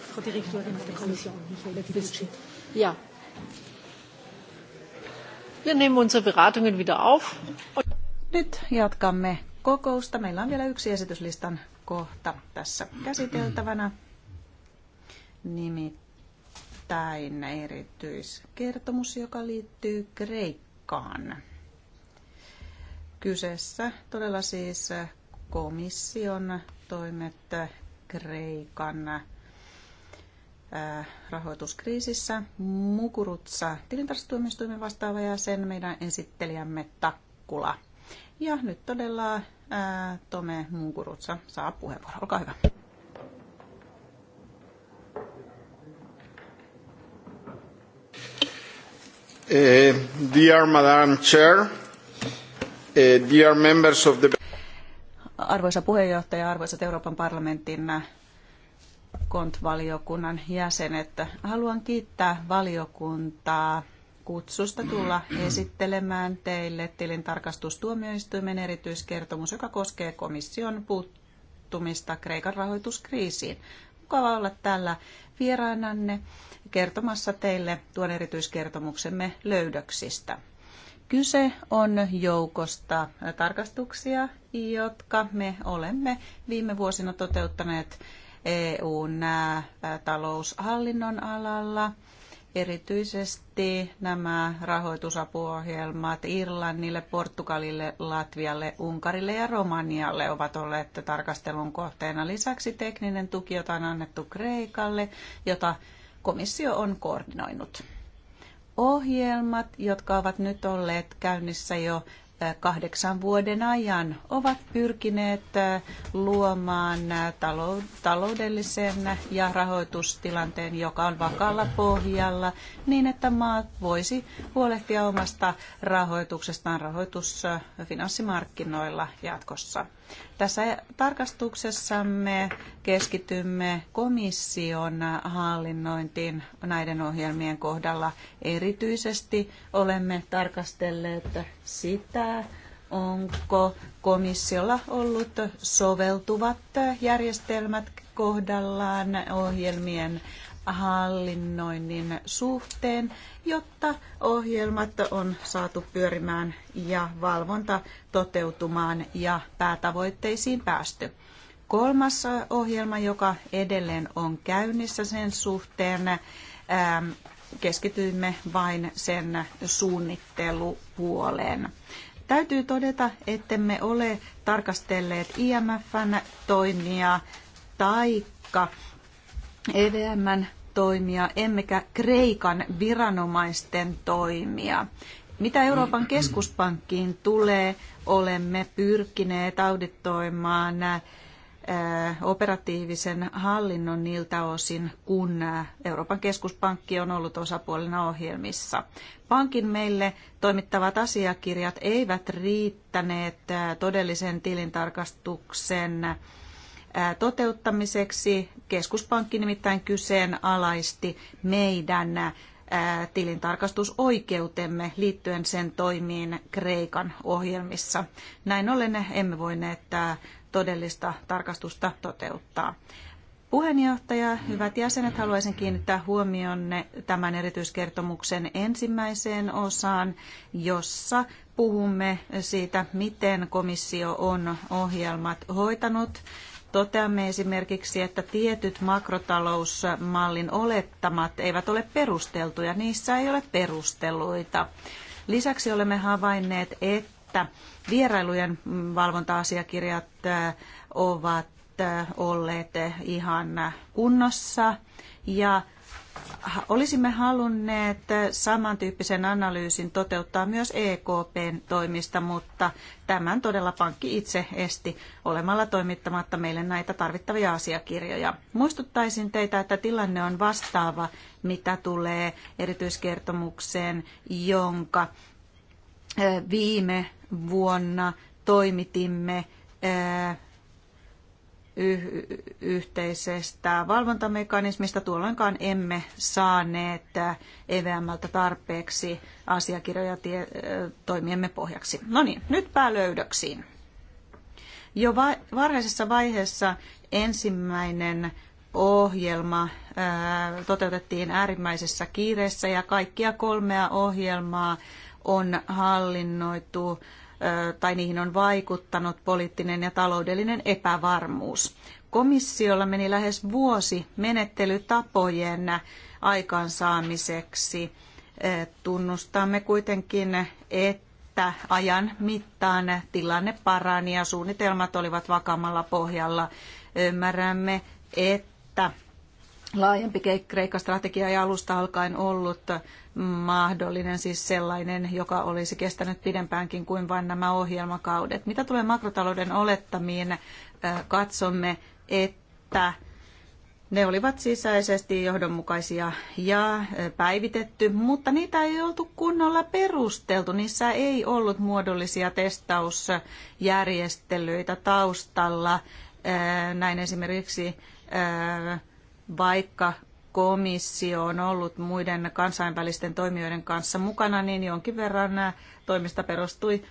Frau Direktorin der Kommission, Michaela Kivitschi. Ja. Wir nehmen unsere Beratungen wieder auf. Nyt jatkamme kokousta. Meillä on vielä yksi esityslistan kohta tässä käsiteltävänä. Nimittäin erityiskertomus, joka liittyy Kreikkaan. Kyseessä todella siis komission toimet Kreikan rahoituskriisissä. Mukurutsa tilintarkastustuomioistuimen vastaava ja sen meidän esittelijämme Takkula. Ja nyt todella ää, Tome Mukurutsa saa puheenvuoron. Olkaa hyvä. Uh, dear Madam Chair, uh, dear members of the Arvoisa puheenjohtaja, arvoisat Euroopan parlamentin kontvaliokunnan jäsenet, haluan kiittää valiokuntaa kutsusta tulla esittelemään teille tilintarkastustuomioistuimen erityiskertomus, joka koskee komission puuttumista Kreikan rahoituskriisiin. Mukava olla täällä vieraananne kertomassa teille tuon erityiskertomuksemme löydöksistä. Kyse on joukosta tarkastuksia, jotka me olemme viime vuosina toteuttaneet EUn taloushallinnon alalla. Erityisesti nämä rahoitusapuohjelmat Irlannille, Portugalille, Latvialle, Unkarille ja Romanialle ovat olleet tarkastelun kohteena. Lisäksi tekninen tuki, jota on annettu Kreikalle, jota komissio on koordinoinut ohjelmat, jotka ovat nyt olleet käynnissä jo kahdeksan vuoden ajan, ovat pyrkineet luomaan taloudellisen ja rahoitustilanteen, joka on vakalla pohjalla, niin että maat voisi huolehtia omasta rahoituksestaan rahoitus- finanssimarkkinoilla jatkossa. Tässä tarkastuksessamme keskitymme komission hallinnointiin näiden ohjelmien kohdalla. Erityisesti olemme tarkastelleet sitä, onko komissiolla ollut soveltuvat järjestelmät kohdallaan ohjelmien hallinnoinnin suhteen, jotta ohjelmat on saatu pyörimään ja valvonta toteutumaan ja päätavoitteisiin päästy kolmas ohjelma, joka edelleen on käynnissä sen suhteen. Ähm, keskityimme vain sen suunnittelupuoleen. Täytyy todeta, ettemme ole tarkastelleet IMFn toimia taikka EVMn toimia, emmekä Kreikan viranomaisten toimia. Mitä Euroopan keskuspankkiin tulee, olemme pyrkineet auditoimaan operatiivisen hallinnon niiltä osin, kun Euroopan keskuspankki on ollut osapuolena ohjelmissa. Pankin meille toimittavat asiakirjat eivät riittäneet todellisen tilintarkastuksen toteuttamiseksi. Keskuspankki nimittäin kyseenalaisti meidän tilintarkastusoikeutemme liittyen sen toimiin Kreikan ohjelmissa. Näin ollen emme voineet todellista tarkastusta toteuttaa. Puheenjohtaja, hyvät jäsenet, haluaisin kiinnittää huomionne tämän erityiskertomuksen ensimmäiseen osaan, jossa puhumme siitä, miten komissio on ohjelmat hoitanut. Toteamme esimerkiksi, että tietyt makrotalousmallin olettamat eivät ole perusteltuja, niissä ei ole perusteluita. Lisäksi olemme havainneet, että että vierailujen valvonta-asiakirjat äh, ovat äh, olleet ihan kunnossa ja olisimme halunneet äh, samantyyppisen analyysin toteuttaa myös EKPn toimista, mutta tämän todella pankki itse esti olemalla toimittamatta meille näitä tarvittavia asiakirjoja. Muistuttaisin teitä, että tilanne on vastaava, mitä tulee erityiskertomukseen, jonka viime vuonna toimitimme eh, yhteisestä valvontamekanismista. Tuolloinkaan emme saaneet EVMltä eh, e tarpeeksi asiakirjoja eh, toimiemme pohjaksi. No niin, nyt päälöydöksiin. Jo va- varhaisessa vaiheessa ensimmäinen ohjelma toteutettiin äärimmäisessä kiireessä ja kaikkia kolmea ohjelmaa on hallinnoitu tai niihin on vaikuttanut poliittinen ja taloudellinen epävarmuus. Komissiolla meni lähes vuosi menettelytapojen aikaansaamiseksi. Tunnustamme kuitenkin, että ajan mittaan tilanne parani ja suunnitelmat olivat vakammalla pohjalla. Ymmärrämme, että laajempi Kreikka-strategia ei alusta alkaen ollut mahdollinen, siis sellainen, joka olisi kestänyt pidempäänkin kuin vain nämä ohjelmakaudet. Mitä tulee makrotalouden olettamiin, katsomme, että ne olivat sisäisesti johdonmukaisia ja päivitetty, mutta niitä ei oltu kunnolla perusteltu. Niissä ei ollut muodollisia testausjärjestelyitä taustalla. Näin esimerkiksi vaikka komissio on ollut muiden kansainvälisten toimijoiden kanssa mukana, niin jonkin verran nämä toimista perustui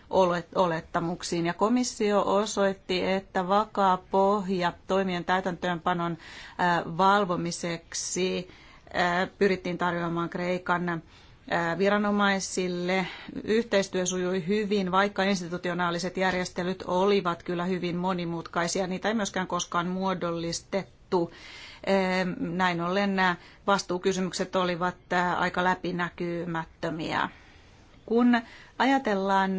olettamuksiin. Ja komissio osoitti, että vakaa pohja toimien täytäntöönpanon valvomiseksi pyrittiin tarjoamaan Kreikan viranomaisille. Yhteistyö sujui hyvin, vaikka institutionaaliset järjestelyt olivat kyllä hyvin monimutkaisia. Niitä ei myöskään koskaan muodollistettu näin ollen nämä vastuukysymykset olivat aika läpinäkymättömiä. Kun ajatellaan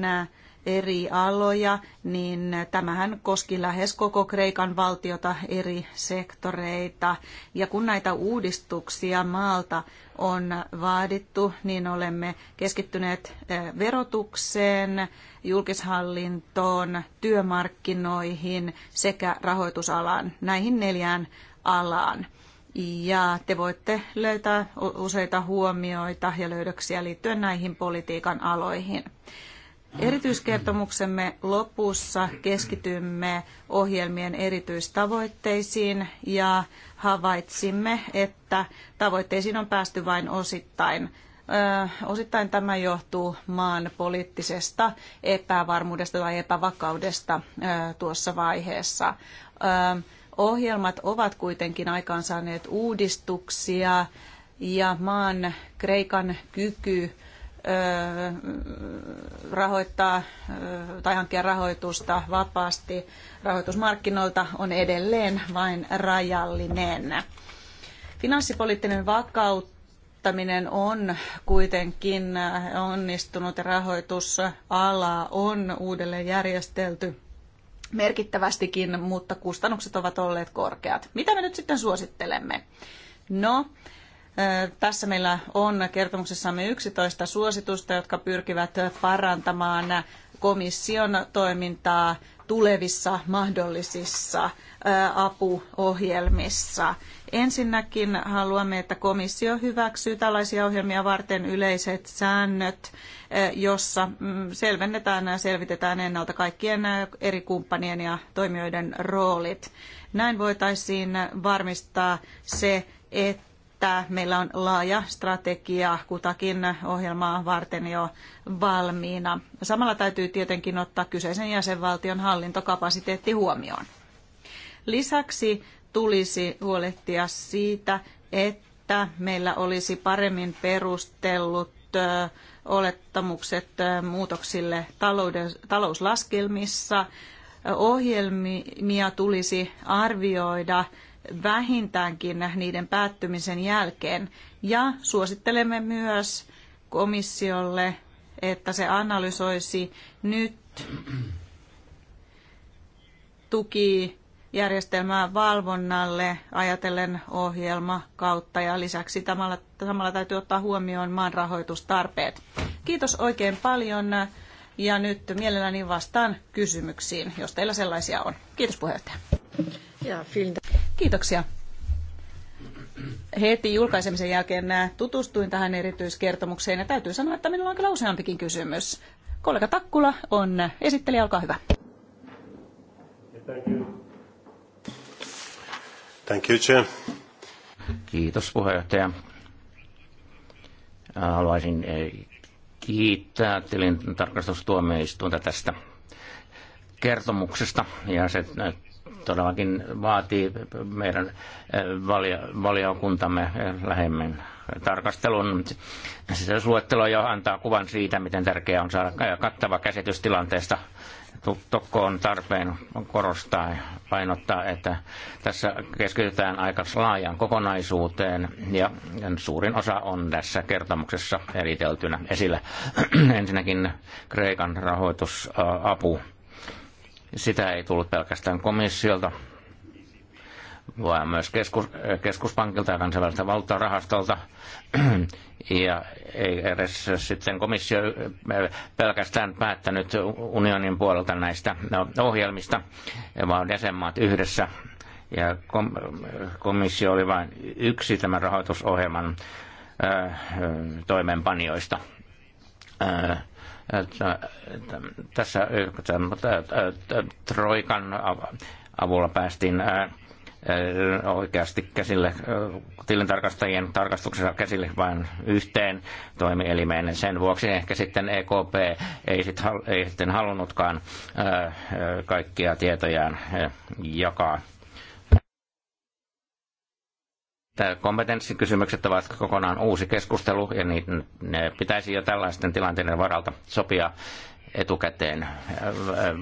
eri aloja, niin tämähän koski lähes koko Kreikan valtiota eri sektoreita. Ja kun näitä uudistuksia maalta on vaadittu, niin olemme keskittyneet verotukseen, julkishallintoon, työmarkkinoihin sekä rahoitusalaan. Näihin neljään alaan. Ja te voitte löytää useita huomioita ja löydöksiä liittyen näihin politiikan aloihin. Erityiskertomuksemme lopussa keskitymme ohjelmien erityistavoitteisiin ja havaitsimme, että tavoitteisiin on päästy vain osittain. osittain tämä johtuu maan poliittisesta epävarmuudesta tai epävakaudesta tuossa vaiheessa. Ö, ohjelmat ovat kuitenkin aikaansaaneet uudistuksia ja maan Kreikan kyky rahoittaa tai hankkia rahoitusta vapaasti rahoitusmarkkinoilta on edelleen vain rajallinen. Finanssipoliittinen vakauttaminen on kuitenkin onnistunut ja rahoitusala on uudelleen järjestelty merkittävästikin, mutta kustannukset ovat olleet korkeat. Mitä me nyt sitten suosittelemme? No, tässä meillä on kertomuksessamme 11 suositusta, jotka pyrkivät parantamaan komission toimintaa tulevissa mahdollisissa apuohjelmissa. Ensinnäkin haluamme, että komissio hyväksyy tällaisia ohjelmia varten yleiset säännöt, eh, jossa mm, selvennetään ja selvitetään ennalta kaikkien eh, eri kumppanien ja toimijoiden roolit. Näin voitaisiin varmistaa se, että että meillä on laaja strategia kutakin ohjelmaa varten jo valmiina. Samalla täytyy tietenkin ottaa kyseisen jäsenvaltion hallintokapasiteetti huomioon. Lisäksi tulisi huolehtia siitä, että meillä olisi paremmin perustellut olettamukset muutoksille talouslaskelmissa. Ohjelmia tulisi arvioida vähintäänkin niiden päättymisen jälkeen. Ja suosittelemme myös komissiolle, että se analysoisi nyt tuki järjestelmää valvonnalle ajatellen ohjelma kautta ja lisäksi tamalla, samalla täytyy ottaa huomioon maan rahoitustarpeet. Kiitos oikein paljon ja nyt mielelläni vastaan kysymyksiin, jos teillä sellaisia on. Kiitos puheenjohtaja. Ja, Kiitoksia. Heti julkaisemisen jälkeen tutustuin tähän erityiskertomukseen ja täytyy sanoa, että minulla on kyllä useampikin kysymys. Kollega Takkula on esittelijä, olkaa hyvä. Thank you. Thank you, Chair. Kiitos puheenjohtaja. Haluaisin eh, kiittää tilin tarkastustuomioistuinta tästä kertomuksesta ja se eh, todellakin vaatii meidän eh, valiokuntamme lähemmän tarkastelun. Sitä luettelo jo antaa kuvan siitä, miten tärkeää on saada kattava käsitys tilanteesta Tokko on tarpeen korostaa ja painottaa, että tässä keskitytään aika laajaan kokonaisuuteen ja suurin osa on tässä kertomuksessa eriteltynä esillä. Ensinnäkin Kreikan rahoitusapu. Sitä ei tullut pelkästään komissiolta, vaan myös keskus, keskuspankilta ja kansainväliseltä valtarahastolta. Ja ei edes sitten komissio äh, pelkästään päättänyt unionin puolelta näistä ohjelmista, vaan jäsenmaat yhdessä. Ja komissio oli vain yksi tämän rahoitusohjelman toimeenpanijoista tässä Troikan avulla päästiin äh, oikeasti käsille, tilintarkastajien tarkastuksessa käsille vain yhteen toimielimeen. Sen vuoksi ehkä sitten EKP ei, sit, ei sitten halunnutkaan kaikkia tietojaan jakaa. Tämä kompetenssikysymykset ovat kokonaan uusi keskustelu ja niin ne pitäisi jo tällaisten tilanteiden varalta sopia etukäteen. Äh,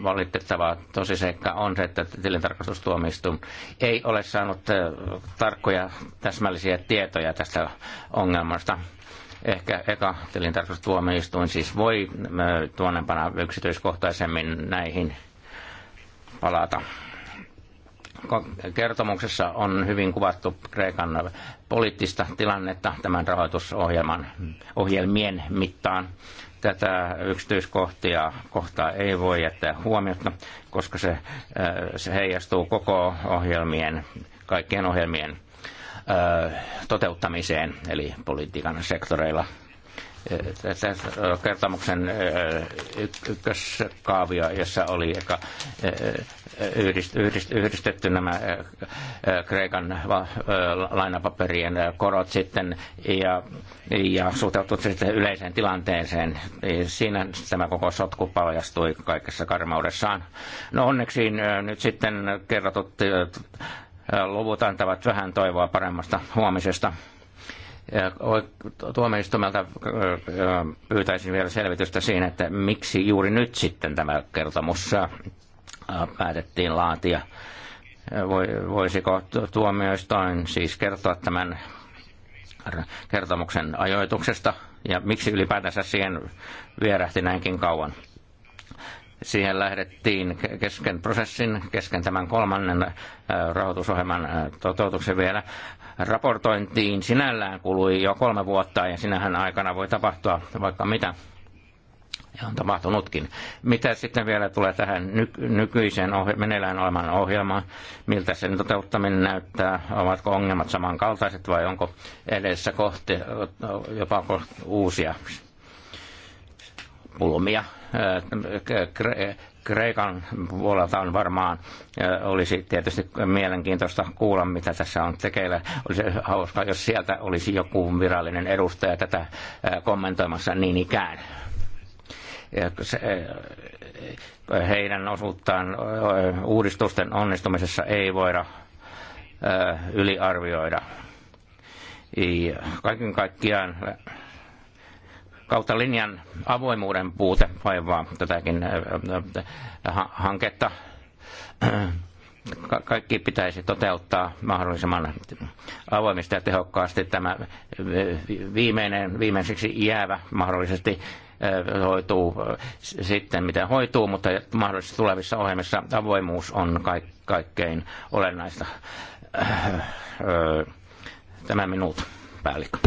Valitettava seikka on se, että tilintarkastustuomioistuin ei ole saanut äh, tarkkoja täsmällisiä tietoja tästä ongelmasta. Ehkä eka tilintarkastustuomioistuin siis voi äh, tuonnepana yksityiskohtaisemmin näihin palata kertomuksessa on hyvin kuvattu Kreikan poliittista tilannetta tämän rahoitusohjelman ohjelmien mittaan tätä yksityiskohtia kohtaa ei voi jättää huomiota, koska se, äh, se heijastuu koko ohjelmien, kaikkien ohjelmien äh, toteuttamiseen, eli politiikan sektoreilla. Äh, tässä kertomuksen ykköskaavio, jossa oli yhdist, yhdist, yhdistetty nämä Kreikan lainapaperien korot sitten ja, ja suhteutettu sitten yleiseen tilanteeseen. Siinä tämä koko sotku paljastui kaikessa karmaudessaan. No onneksi nyt sitten kerrotut luvut antavat vähän toivoa paremmasta huomisesta Tuomioistumelta pyytäisin vielä selvitystä siinä, että miksi juuri nyt sitten tämä kertomus Äh, päätettiin laatia. Voisiko tuomioistuin siis kertoa tämän kertomuksen ajoituksesta ja miksi ylipäätänsä siihen vierähti näinkin kauan? siihen lähdettiin kesken prosessin, kesken tämän kolmannen äh, rahoitusohjelman äh, toteutuksen vielä. Raportointiin sinällään kului jo kolme vuotta ja sinähän aikana voi tapahtua vaikka mitä ja on tapahtunutkin. Mitä sitten vielä tulee tähän nyky- nykyiseen ohje- meneillään olevan ohjelmaan, miltä sen toteuttaminen näyttää, ovatko ongelmat samankaltaiset vai onko edessä kohti jopa kohti uusia pulmia. Äh, Kreikan puolelta on varmaan, äh, olisi tietysti mielenkiintoista kuulla, mitä tässä on tekeillä. Olisi hauska, jos sieltä olisi joku virallinen edustaja tätä äh, kommentoimassa niin ikään. Eh, heidän osuuttaan eh, uudistusten onnistumisessa ei voida eh, yliarvioida. Kaiken kaikkiaan kautta linjan avoimuuden puute vaivaa tätäkin hanketta. Kaikki pitäisi toteuttaa mahdollisimman avoimesti ja tehokkaasti. Tämä viimeinen, viimeiseksi jäävä mahdollisesti hoituu sitten, miten hoituu, mutta mahdollisesti tulevissa ohjelmissa avoimuus on kaik- kaikkein olennaista. Tämä minut, päällikkö.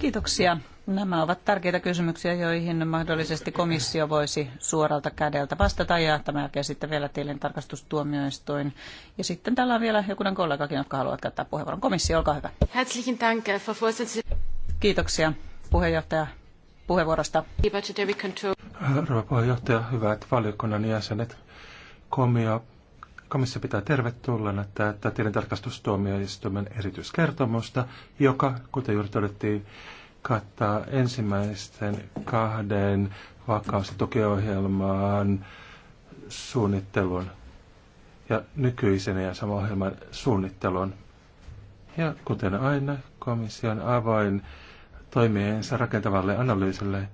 Kiitoksia. Nämä ovat tärkeitä kysymyksiä, joihin mahdollisesti komissio voisi suoralta kädeltä vastata ja tämä jälkeen sitten vielä tarkastustuomioistuin Ja sitten täällä on vielä jokunen kollegakin, jotka haluavat käyttää puheenvuoron. Komissio, olkaa hyvä. Herzlichen Dank, Frau Kiitoksia puheenjohtaja puheenvuorosta. Rouva puheenjohtaja, hyvät valiokunnan jäsenet. Komio, komissio pitää tervetulleena tätä tilintarkastustuomioistuimen erityiskertomusta, joka, kuten juuri todettiin, kattaa ensimmäisten kahden vakaus- ja tukiohjelmaan suunnittelun ja nykyisen ja saman ohjelman suunnittelun. Ja kuten aina, komission avoin toimiensa rakentavalle analyysille,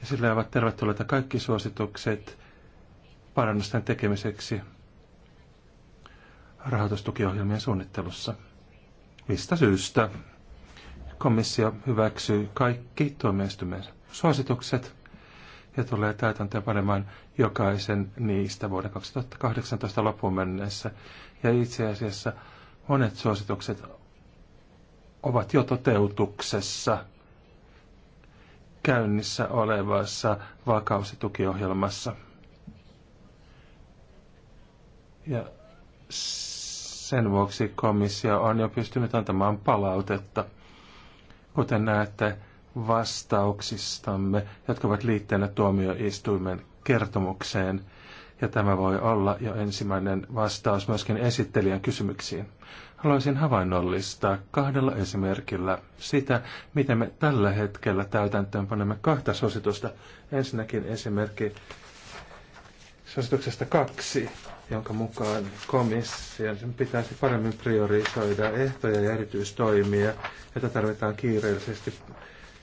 ja sille ovat tervetulleita kaikki suositukset parannusten tekemiseksi rahoitustukiohjelmien suunnittelussa. Mistä syystä komissio hyväksyy kaikki tuomioistuimen suositukset ja tulee täytäntöön panemaan jokaisen niistä vuoden 2018 loppuun mennessä. Ja itse asiassa monet suositukset ovat jo toteutuksessa käynnissä olevassa vakaus- ja tukiohjelmassa. Ja sen vuoksi komissio on jo pystynyt antamaan palautetta, kuten näette vastauksistamme, jotka ovat liitteenä tuomioistuimen kertomukseen. Ja tämä voi olla jo ensimmäinen vastaus myöskin esittelijän kysymyksiin. Haluaisin havainnollistaa kahdella esimerkillä sitä, miten me tällä hetkellä täytäntöön panemme kahta suositusta. Ensinnäkin esimerkki suosituksesta kaksi, jonka mukaan komission pitäisi paremmin priorisoida ehtoja ja erityistoimia, joita tarvitaan kiireellisesti,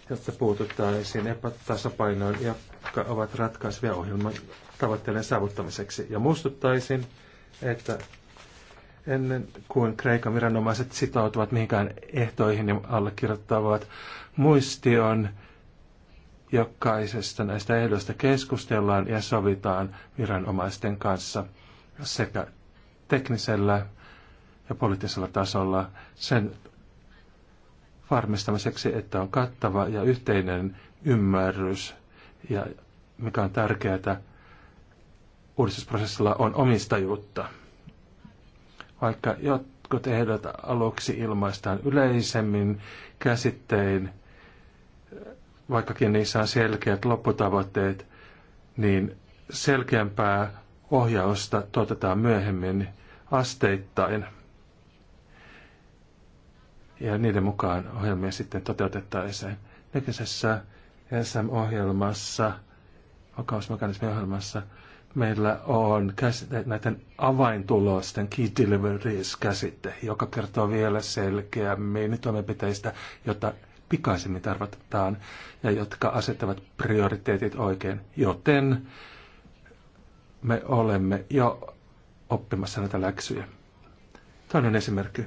jotta puututtaisiin epätasapainoon, jotka ovat ratkaisevia ohjelman tavoitteiden saavuttamiseksi. Ja muistuttaisin, että ennen kuin Kreikan viranomaiset sitoutuvat mihinkään ehtoihin ja allekirjoittavat muistion. Jokaisesta näistä ehdoista keskustellaan ja sovitaan viranomaisten kanssa sekä teknisellä ja poliittisella tasolla sen varmistamiseksi, että on kattava ja yhteinen ymmärrys ja mikä on tärkeää, uudistusprosessilla on omistajuutta. Vaikka jotkut ehdot aluksi ilmaistaan yleisemmin käsittein, vaikkakin niissä on selkeät lopputavoitteet, niin selkeämpää ohjausta tuotetaan myöhemmin asteittain. Ja niiden mukaan ohjelmia sitten toteutettaisiin. Nykyisessä sm ohjelmassa vakausmekanismiohjelmassa, ohjelmassa meillä on käsite, näiden avaintulosten key deliveries-käsite, joka kertoo vielä selkeämmin toimenpiteistä, jota pikaisemmin tarvitaan ja jotka asettavat prioriteetit oikein, joten me olemme jo oppimassa näitä läksyjä. Toinen esimerkki,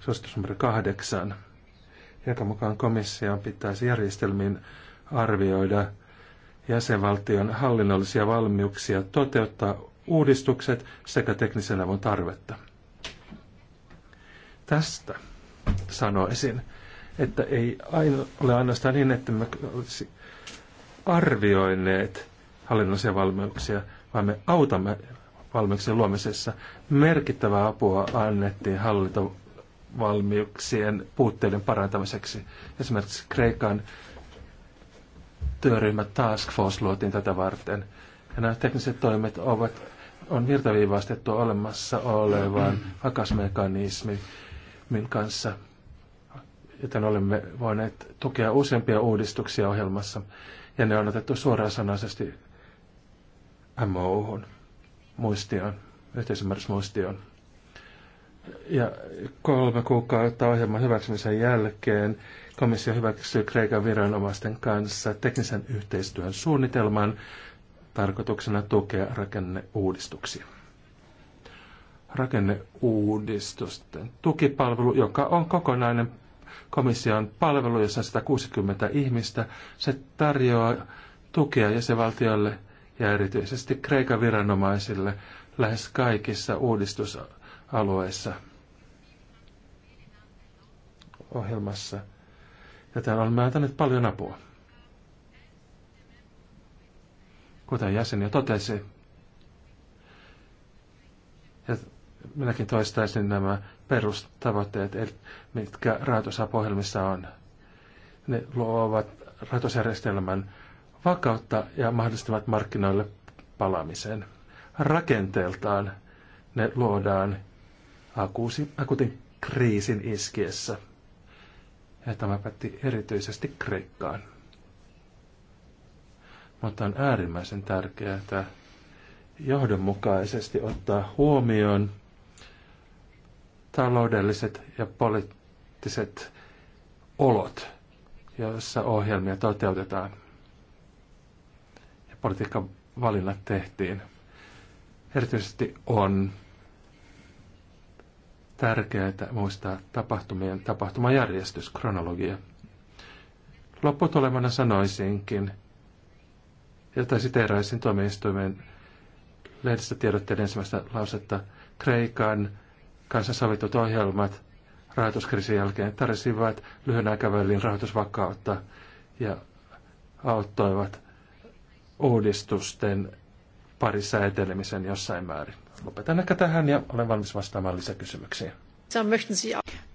suositus numero kahdeksan, joka mukaan komission pitäisi järjestelmiin arvioida – jäsenvaltion hallinnollisia valmiuksia toteuttaa uudistukset sekä teknisen avun tarvetta. Tästä sanoisin, että ei aino, ole ainoastaan niin, että me olisi arvioineet hallinnollisia valmiuksia, vaan me autamme valmiuksien luomisessa. Merkittävää apua annettiin hallintovalmiuksien puutteiden parantamiseksi. Esimerkiksi Kreikan työryhmä Task Force luotiin tätä varten. Ja nämä tekniset toimet ovat, on virtaviivaistettu olemassa olevan vakasmekanismin kanssa, joten olemme voineet tukea useampia uudistuksia ohjelmassa, ja ne on otettu suoraan sanaisesti MOUhun, muistioon, yhteisymmärrysmuistioon. Ja kolme kuukautta ohjelman hyväksymisen jälkeen Komissio hyväksyy Kreikan viranomaisten kanssa teknisen yhteistyön suunnitelman tarkoituksena tukea rakenneuudistuksia. Rakenneuudistusten tukipalvelu, joka on kokonainen komission palvelu, jossa 160 ihmistä, se tarjoaa tukea jäsenvaltioille ja erityisesti Kreikan viranomaisille lähes kaikissa uudistusalueissa ohjelmassa – joten olemme antaneet paljon apua. Kuten jäsen jo totesi, ja minäkin toistaisin nämä perustavoitteet, mitkä rahoitusapohjelmissa on. Ne luovat rahoitusjärjestelmän vakautta ja mahdollistavat markkinoille palaamisen. Rakenteeltaan ne luodaan akuusi, akuutin kriisin iskiessä – ja tämä päti erityisesti Kreikkaan. Mutta on äärimmäisen tärkeää, että johdonmukaisesti ottaa huomioon taloudelliset ja poliittiset olot, joissa ohjelmia toteutetaan ja politiikan valinnat tehtiin. Erityisesti on tärkeää muistaa tapahtumien tapahtumajärjestys, kronologia. Lopputulemana sanoisinkin, jota siteeraisin tuomioistuimen tiedotteiden ensimmäistä lausetta, Kreikan kansansovitut ohjelmat rahoituskriisin jälkeen tarjosivat lyhyen aikavälin rahoitusvakautta ja auttoivat uudistusten parissa etelemisen jossain määrin. Lopetan ehkä tähän ja olen valmis vastaamaan lisäkysymyksiin.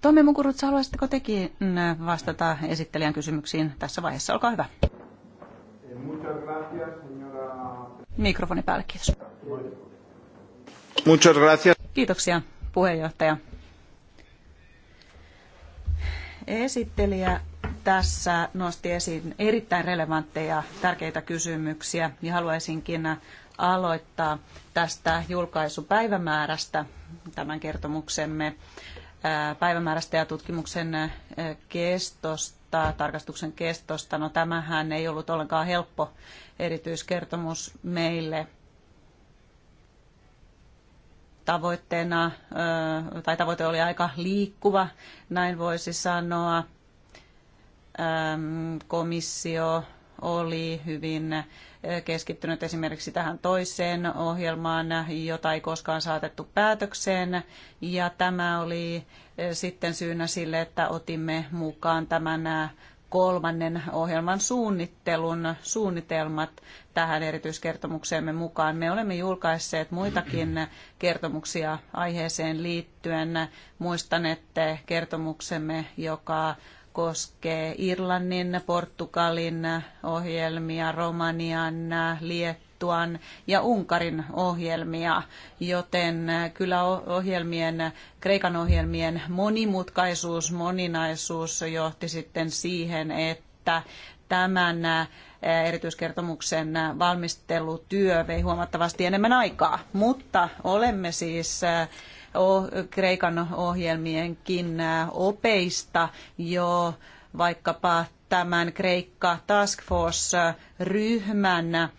Tommi Mukurutsa, haluaisitteko tekin mm, vastata esittelijän kysymyksiin tässä vaiheessa? Olkaa hyvä. Mikrofoni päälle, kiitos. Kiitoksia, puheenjohtaja. Esittelijä tässä nosti esiin erittäin relevantteja, tärkeitä kysymyksiä ja haluaisinkin aloittaa tästä julkaisupäivämäärästä, tämän kertomuksemme päivämäärästä ja tutkimuksen kestosta, tarkastuksen kestosta. No tämähän ei ollut ollenkaan helppo erityiskertomus meille. Tavoitteena, tai tavoite oli aika liikkuva, näin voisi sanoa. Komissio oli hyvin eh, keskittynyt esimerkiksi tähän toiseen ohjelmaan, jota ei koskaan saatettu päätökseen. Ja tämä oli eh, sitten syynä sille, että otimme mukaan tämän eh, kolmannen ohjelman suunnittelun suunnitelmat tähän erityiskertomukseemme mukaan. Me olemme julkaisseet muitakin kertomuksia aiheeseen liittyen. Muistan, että kertomuksemme, joka koskee Irlannin, Portugalin ohjelmia, Romanian, Liettuan ja Unkarin ohjelmia, joten kyllä ohjelmien, Kreikan ohjelmien monimutkaisuus, moninaisuus johti sitten siihen, että tämän erityiskertomuksen valmistelutyö vei huomattavasti enemmän aikaa, mutta olemme siis Oh, Kreikan ohjelmienkin äh, opeista jo vaikkapa tämän Kreikka Task Force-ryhmän äh,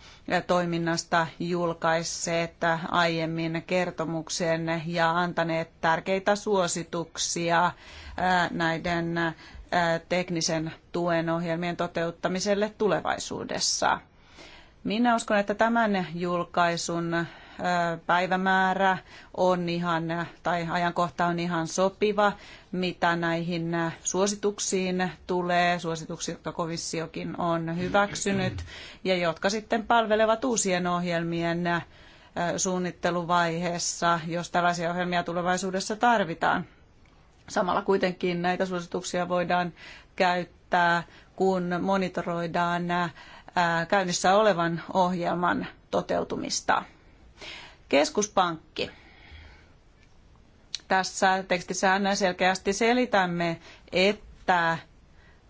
toiminnasta julkaisseet äh, aiemmin kertomuksen ja antaneet tärkeitä suosituksia näiden teknisen tuen ohjelmien toteuttamiselle tulevaisuudessa. Minä uskon, että tämän julkaisun päivämäärä on ihan, tai ajankohta on ihan sopiva, mitä näihin suosituksiin tulee, suosituksia, jotka komissiokin on hyväksynyt, ja jotka sitten palvelevat uusien ohjelmien suunnitteluvaiheessa, jos tällaisia ohjelmia tulevaisuudessa tarvitaan. Samalla kuitenkin näitä suosituksia voidaan käyttää, kun monitoroidaan käynnissä olevan ohjelman toteutumista keskuspankki. Tässä tekstissähän selkeästi selitämme, että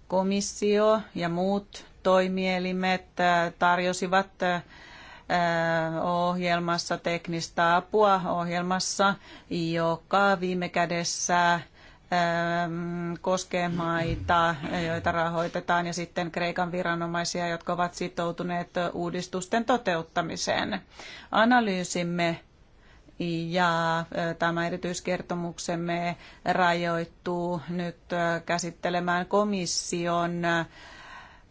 komissio ja muut toimielimet äh, tarjosivat äh, ohjelmassa teknistä apua ohjelmassa, joka viime kädessä koskee maita, joita rahoitetaan, ja sitten Kreikan viranomaisia, jotka ovat sitoutuneet uudistusten toteuttamiseen. Analyysimme ja tämä erityiskertomuksemme rajoittuu nyt käsittelemään komission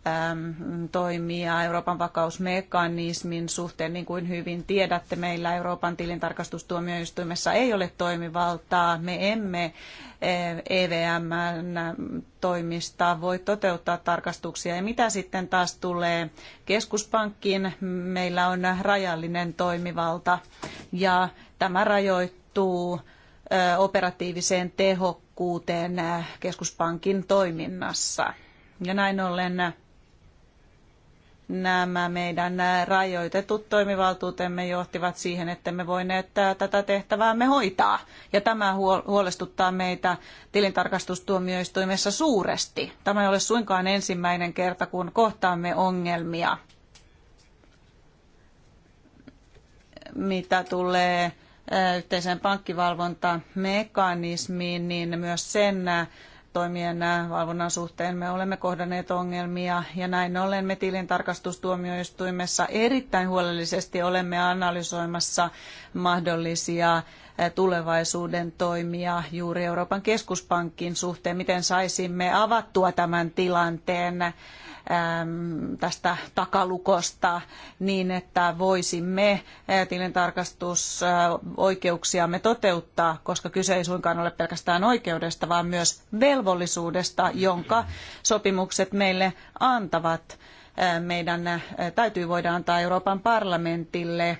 Ähm, toimia Euroopan vakausmekanismin suhteen. Niin kuin hyvin tiedätte, meillä Euroopan tilintarkastustuomioistuimessa ei ole toimivaltaa. Me emme EVMn eh, e toimista voi toteuttaa tarkastuksia. Ja mitä sitten taas tulee keskuspankkiin, meillä on rajallinen toimivalta ja tämä rajoittuu eh, operatiiviseen tehokkuuteen eh, keskuspankin toiminnassa. Ja näin ollen nämä meidän rajoitetut toimivaltuutemme johtivat siihen, että me voineet tätä tehtäväämme hoitaa. Ja tämä huolestuttaa meitä tilintarkastustuomioistuimessa suuresti. Tämä ei ole suinkaan ensimmäinen kerta, kun kohtaamme ongelmia, mitä tulee yhteiseen pankkivalvontamekanismiin, niin myös sen toimien äh, valvonnan suhteen me olemme kohdanneet ongelmia ja näin ollen me tilintarkastustuomioistuimessa erittäin huolellisesti olemme analysoimassa mahdollisia tulevaisuuden toimia juuri Euroopan keskuspankin suhteen? Miten saisimme avattua tämän tilanteen ähm, tästä takalukosta niin, että voisimme äh, tilintarkastusoikeuksiamme toteuttaa, koska kyse ei suinkaan ole pelkästään oikeudesta, vaan myös velvollisuudesta, jonka sopimukset meille antavat. Äh, meidän äh, täytyy voida antaa Euroopan parlamentille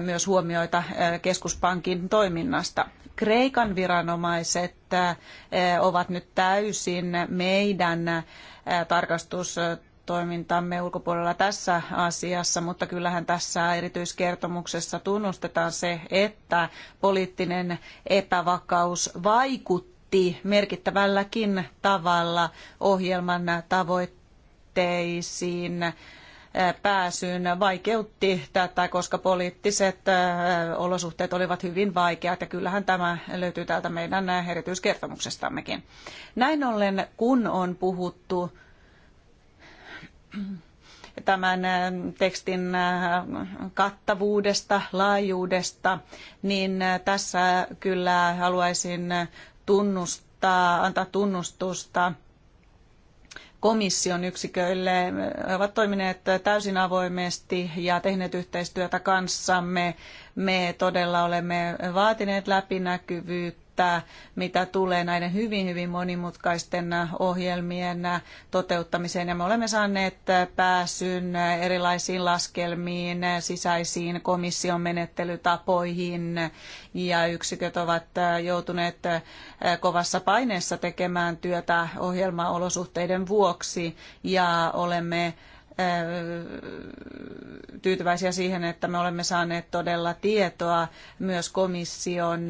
myös huomioita keskuspankin toiminnasta. Kreikan viranomaiset ovat nyt täysin meidän tarkastus toimintamme ulkopuolella tässä asiassa, mutta kyllähän tässä erityiskertomuksessa tunnustetaan se, että poliittinen epävakaus vaikutti merkittävälläkin tavalla ohjelman tavoitteisiin pääsyyn vaikeutti tätä, koska poliittiset olosuhteet olivat hyvin vaikeat ja kyllähän tämä löytyy täältä meidän erityiskertomuksestammekin. Näin ollen, kun on puhuttu tämän tekstin kattavuudesta, laajuudesta, niin tässä kyllä haluaisin tunnustaa, antaa tunnustusta komission yksiköille. He ovat toimineet täysin avoimesti ja tehneet yhteistyötä kanssamme. Me todella olemme vaatineet läpinäkyvyyttä että mitä tulee näiden hyvin, hyvin monimutkaisten ohjelmien toteuttamiseen. Ja me olemme saaneet pääsyn erilaisiin laskelmiin, sisäisiin komission menettelytapoihin ja yksiköt ovat joutuneet kovassa paineessa tekemään työtä ohjelmaolosuhteiden vuoksi ja olemme tyytyväisiä siihen, että me olemme saaneet todella tietoa myös komission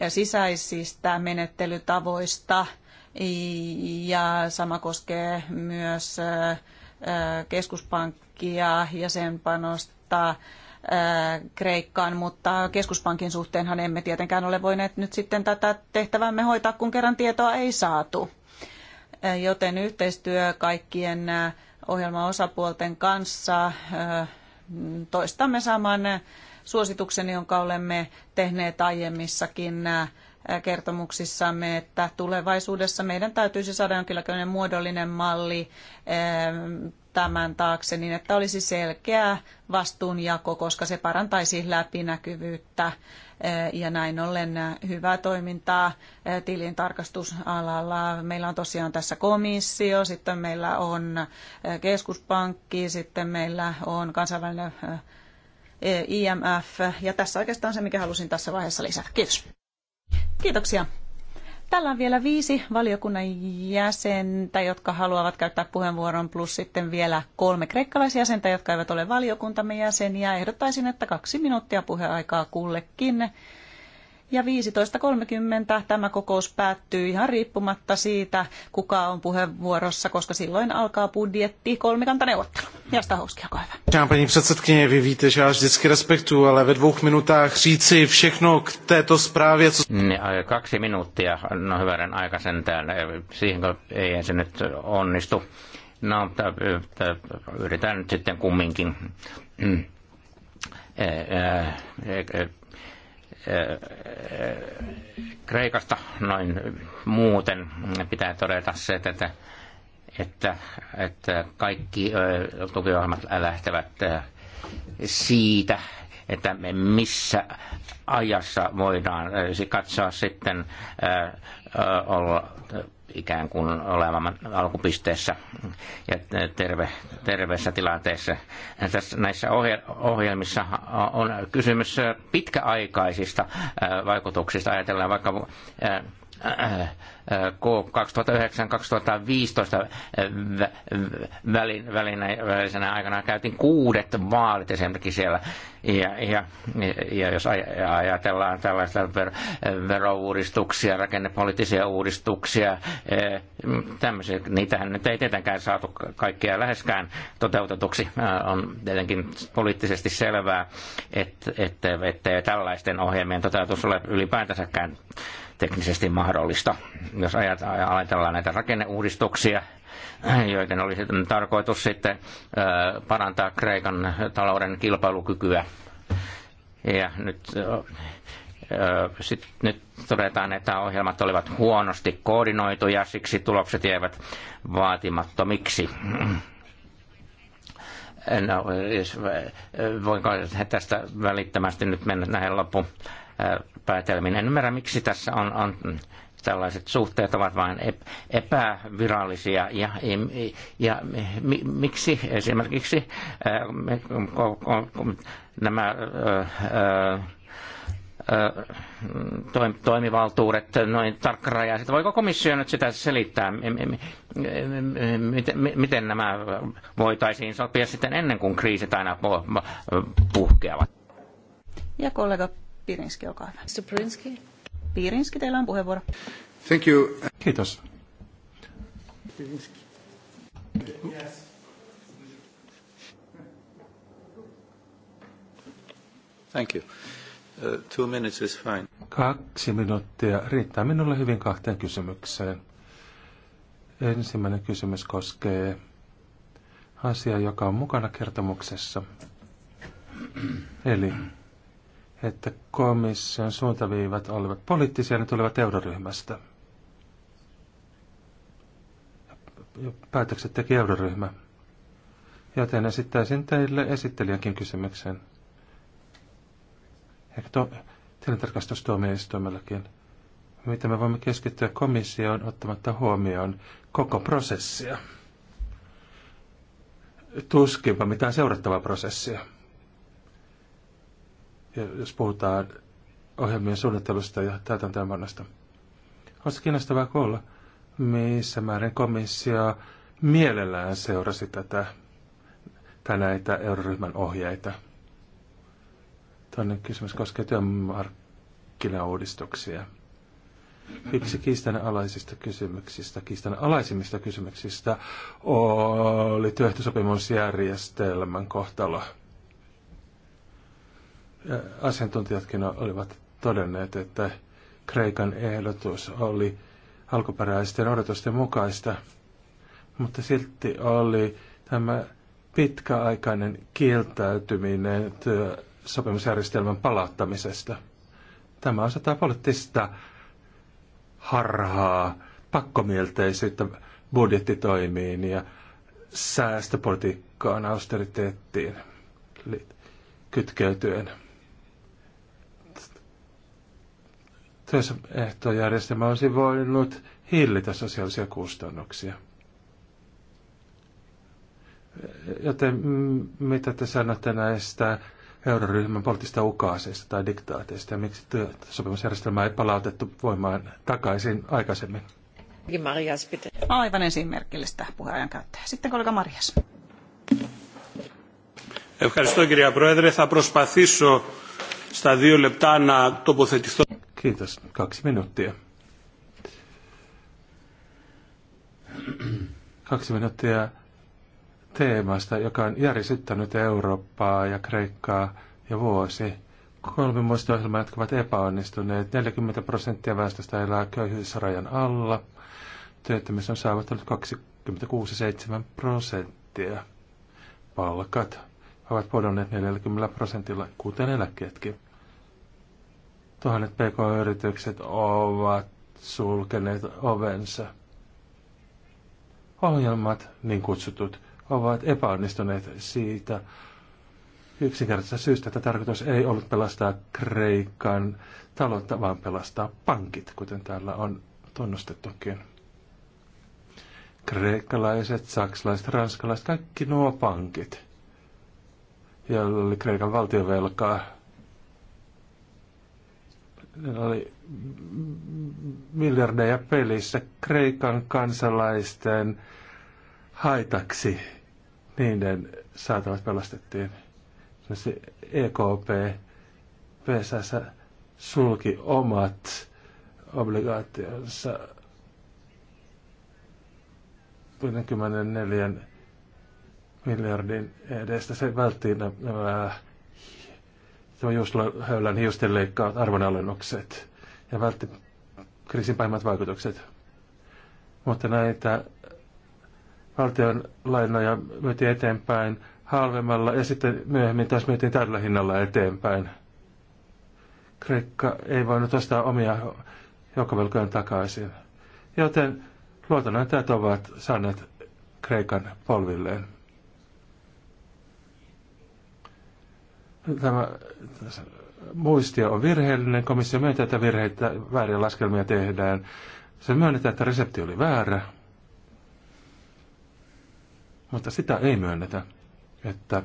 ja sisäisistä menettelytavoista ja sama koskee myös keskuspankkia ja sen panosta Kreikkaan, mutta keskuspankin suhteenhan emme tietenkään ole voineet nyt sitten tätä tehtävämme hoitaa, kun kerran tietoa ei saatu. Joten yhteistyö kaikkien ohjelmaosapuolten kanssa toistamme saman Suositukseni jonka olemme tehneet aiemmissakin kertomuksissamme, että tulevaisuudessa meidän täytyisi saada jonkinlainen muodollinen malli tämän taakse niin, että olisi selkeä vastuunjako, koska se parantaisi läpinäkyvyyttä ja näin ollen hyvää toimintaa tilintarkastusalalla. Meillä on tosiaan tässä komissio, sitten meillä on keskuspankki, sitten meillä on kansainvälinen E IMF. Ja tässä oikeastaan se, mikä halusin tässä vaiheessa lisätä. Kiitos. Kiitoksia. Tällä on vielä viisi valiokunnan jäsentä, jotka haluavat käyttää puheenvuoron, plus sitten vielä kolme kreikkalaisjäsentä, jotka eivät ole valiokuntamme jäseniä. Ehdottaisin, että kaksi minuuttia puheaikaa kullekin ja 15.30 tämä kokous päättyy ihan riippumatta siitä, kuka on puheenvuorossa, koska silloin alkaa budjetti kolmikantaneuvottelu. Ja Stahovski, olkaa hyvä. Dámy paní předsedkyně, vy víte, že já vždycky respektuju, ale ve dvou minutách říci všechno k této zprávě. Co... Kaksi minuuttia, no hyvänen aika täällä, siihen ei se nyt onnistu. No, yritän nyt sitten kumminkin mm. Kreikasta noin muuten pitää todeta se, että, että, että kaikki tukiohjelmat lähtevät siitä, että missä ajassa voidaan siis katsoa sitten olla ikään kuin olevan alkupisteessä ja terve, terveessä tilanteessa. Tässä, näissä ohjelmissa on kysymys pitkäaikaisista vaikutuksista. Ajatellaan vaikka 2009-2015 välin, välisenä aikana käytiin kuudet vaalit esimerkiksi siellä. Ja, ja, ja jos ajatellaan tällaista ver, verouudistuksia, rakennepoliittisia uudistuksia, eh, tämmöisiä, niitähän nyt ei tietenkään saatu kaikkea läheskään toteutetuksi. Eh, on tietenkin poliittisesti selvää, että, että, että tällaisten ohjelmien toteutus ole ylipäätänsäkään teknisesti mahdollista. Jos ajatellaan näitä rakenneuudistuksia, joiden olisi tarkoitus sitten parantaa Kreikan talouden kilpailukykyä. Ja nyt, sit, nyt todetaan, että ohjelmat olivat huonosti koordinoituja, siksi tulokset jäivät vaatimattomiksi. No, voinko tästä välittömästi nyt mennä näihin loppuun? päätelmiin. En ymmärrä, miksi tässä on, on tällaiset suhteet ovat vain epävirallisia ja, ja, ja mi, miksi esimerkiksi ää, nämä ää, toimivaltuudet noin tarkkarajaiset. Voiko komissio nyt sitä selittää, miten nämä voitaisiin sopia sitten ennen kuin kriisit aina puhkeavat? Ja kollega Pirinski, olkaa hyvä. Mr. Prinski, Pirinski, teillä on puheenvuoro. Thank you. Kiitos. Pirinski. Yes. Thank you. Uh, two minutes is fine. Kaksi minuuttia riittää minulle hyvin kahteen kysymykseen. Ensimmäinen kysymys koskee asiaa, joka on mukana kertomuksessa. Eli että komission suuntaviivat olivat poliittisia, ne tulivat euroryhmästä. Päätökset teki euroryhmä. Joten esittäisin teille esittelijänkin kysymyksen. Ehkä to, tilintarkastustuomioistuimellakin. Miten me voimme keskittyä komissioon ottamatta huomioon koko prosessia? Tuskinpa mitään seurattavaa prosessia jos puhutaan ohjelmien suunnittelusta ja täytäntöönpanosta. Olisi kiinnostavaa kuulla, missä määrin komissio mielellään seurasi tätä tai näitä euroryhmän ohjeita. Toinen kysymys koskee työmarkkinauudistuksia. Yksi kiistanalaisista kysymyksistä, kiistanalaisimmista kysymyksistä oli työehtosopimusjärjestelmän kohtalo – asiantuntijatkin olivat todenneet, että Kreikan ehdotus oli alkuperäisten odotusten mukaista, mutta silti oli tämä pitkäaikainen kieltäytyminen sopimusjärjestelmän palauttamisesta. Tämä osataan poliittista harhaa, pakkomielteisyyttä budjettitoimiin ja säästöpolitiikkaan, austeriteettiin kytkeytyen. työssäehtojärjestelmä olisi voinut hillitä sosiaalisia kustannuksia. Joten mm, mitä te sanotte näistä euroryhmän poliittista ukaaseista tai diktaateista ja miksi työsopimusjärjestelmää ei palautettu voimaan takaisin aikaisemmin? Marias, Aivan esimerkillistä puheenjohtajan käyttäjä. Sitten kollega Marias. Ευχαριστώ κυρία Πρόεδρε. Θα προσπαθήσω στα δύο λεπτά να τοποθετηθώ. Kiitos. Kaksi minuuttia. Kaksi minuuttia teemasta, joka on järisyttänyt Eurooppaa ja Kreikkaa ja vuosi. Kolme muistoohjelmaa, jotka ovat epäonnistuneet. 40 prosenttia väestöstä elää köyhyysrajan alla. Työttömyys on saavuttanut 26,7 prosenttia. Palkat ovat pudonneet 40 prosentilla, kuten eläkkeetkin tuhannet pk-yritykset ovat sulkeneet ovensa. Ohjelmat, niin kutsutut, ovat epäonnistuneet siitä yksinkertaisesta syystä, että tarkoitus ei ollut pelastaa Kreikan taloutta, vaan pelastaa pankit, kuten täällä on tunnustettukin. Kreikkalaiset, saksalaiset, ranskalaiset, kaikki nuo pankit, joilla oli Kreikan valtiovelkaa, oli miljardeja pelissä Kreikan kansalaisten haitaksi. Niiden saatavat pelastettiin. Se EKP PSS sulki omat obligaationsa 54 miljardin edestä. Se vältti nämä Joo, juustohöylän hiusten leikkaa arvonalennukset ja vältti kriisin pahimmat vaikutukset. Mutta näitä valtion lainoja myytiin eteenpäin halvemmalla ja sitten myöhemmin taas myytiin tällä hinnalla eteenpäin. Kreikka ei voinut ostaa omia joukkovelkojen takaisin. Joten luotonantajat ovat saaneet Kreikan polvilleen. Tämä muistio on virheellinen. Komissio myöntää, että virheitä, vääriä laskelmia tehdään. Se myönnetään, että resepti oli väärä. Mutta sitä ei myönnetä, että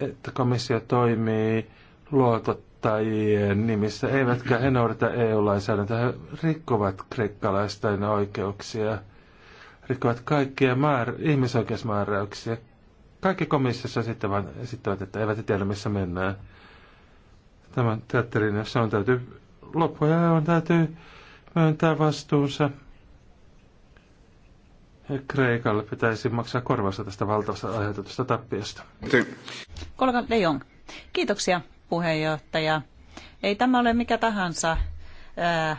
että komissio toimii luotot kuluttajien nimissä, eivätkä he noudata EU-lainsäädäntöä. He rikkovat kreikkalaisten oikeuksia, rikkovat kaikkia määr- ihmisoikeusmääräyksiä. Kaikki komissiossa sitten vaan esittävät, että eivät tiedä, missä mennään. Tämän teatterin, jossa on täytyy loppuja on täytyy myöntää vastuunsa. Ja Kreikalle pitäisi maksaa korvausta tästä valtavasta aiheutetusta tappiosta. Kollega kiitoksia puheenjohtaja. Ei tämä ole mikä tahansa äh,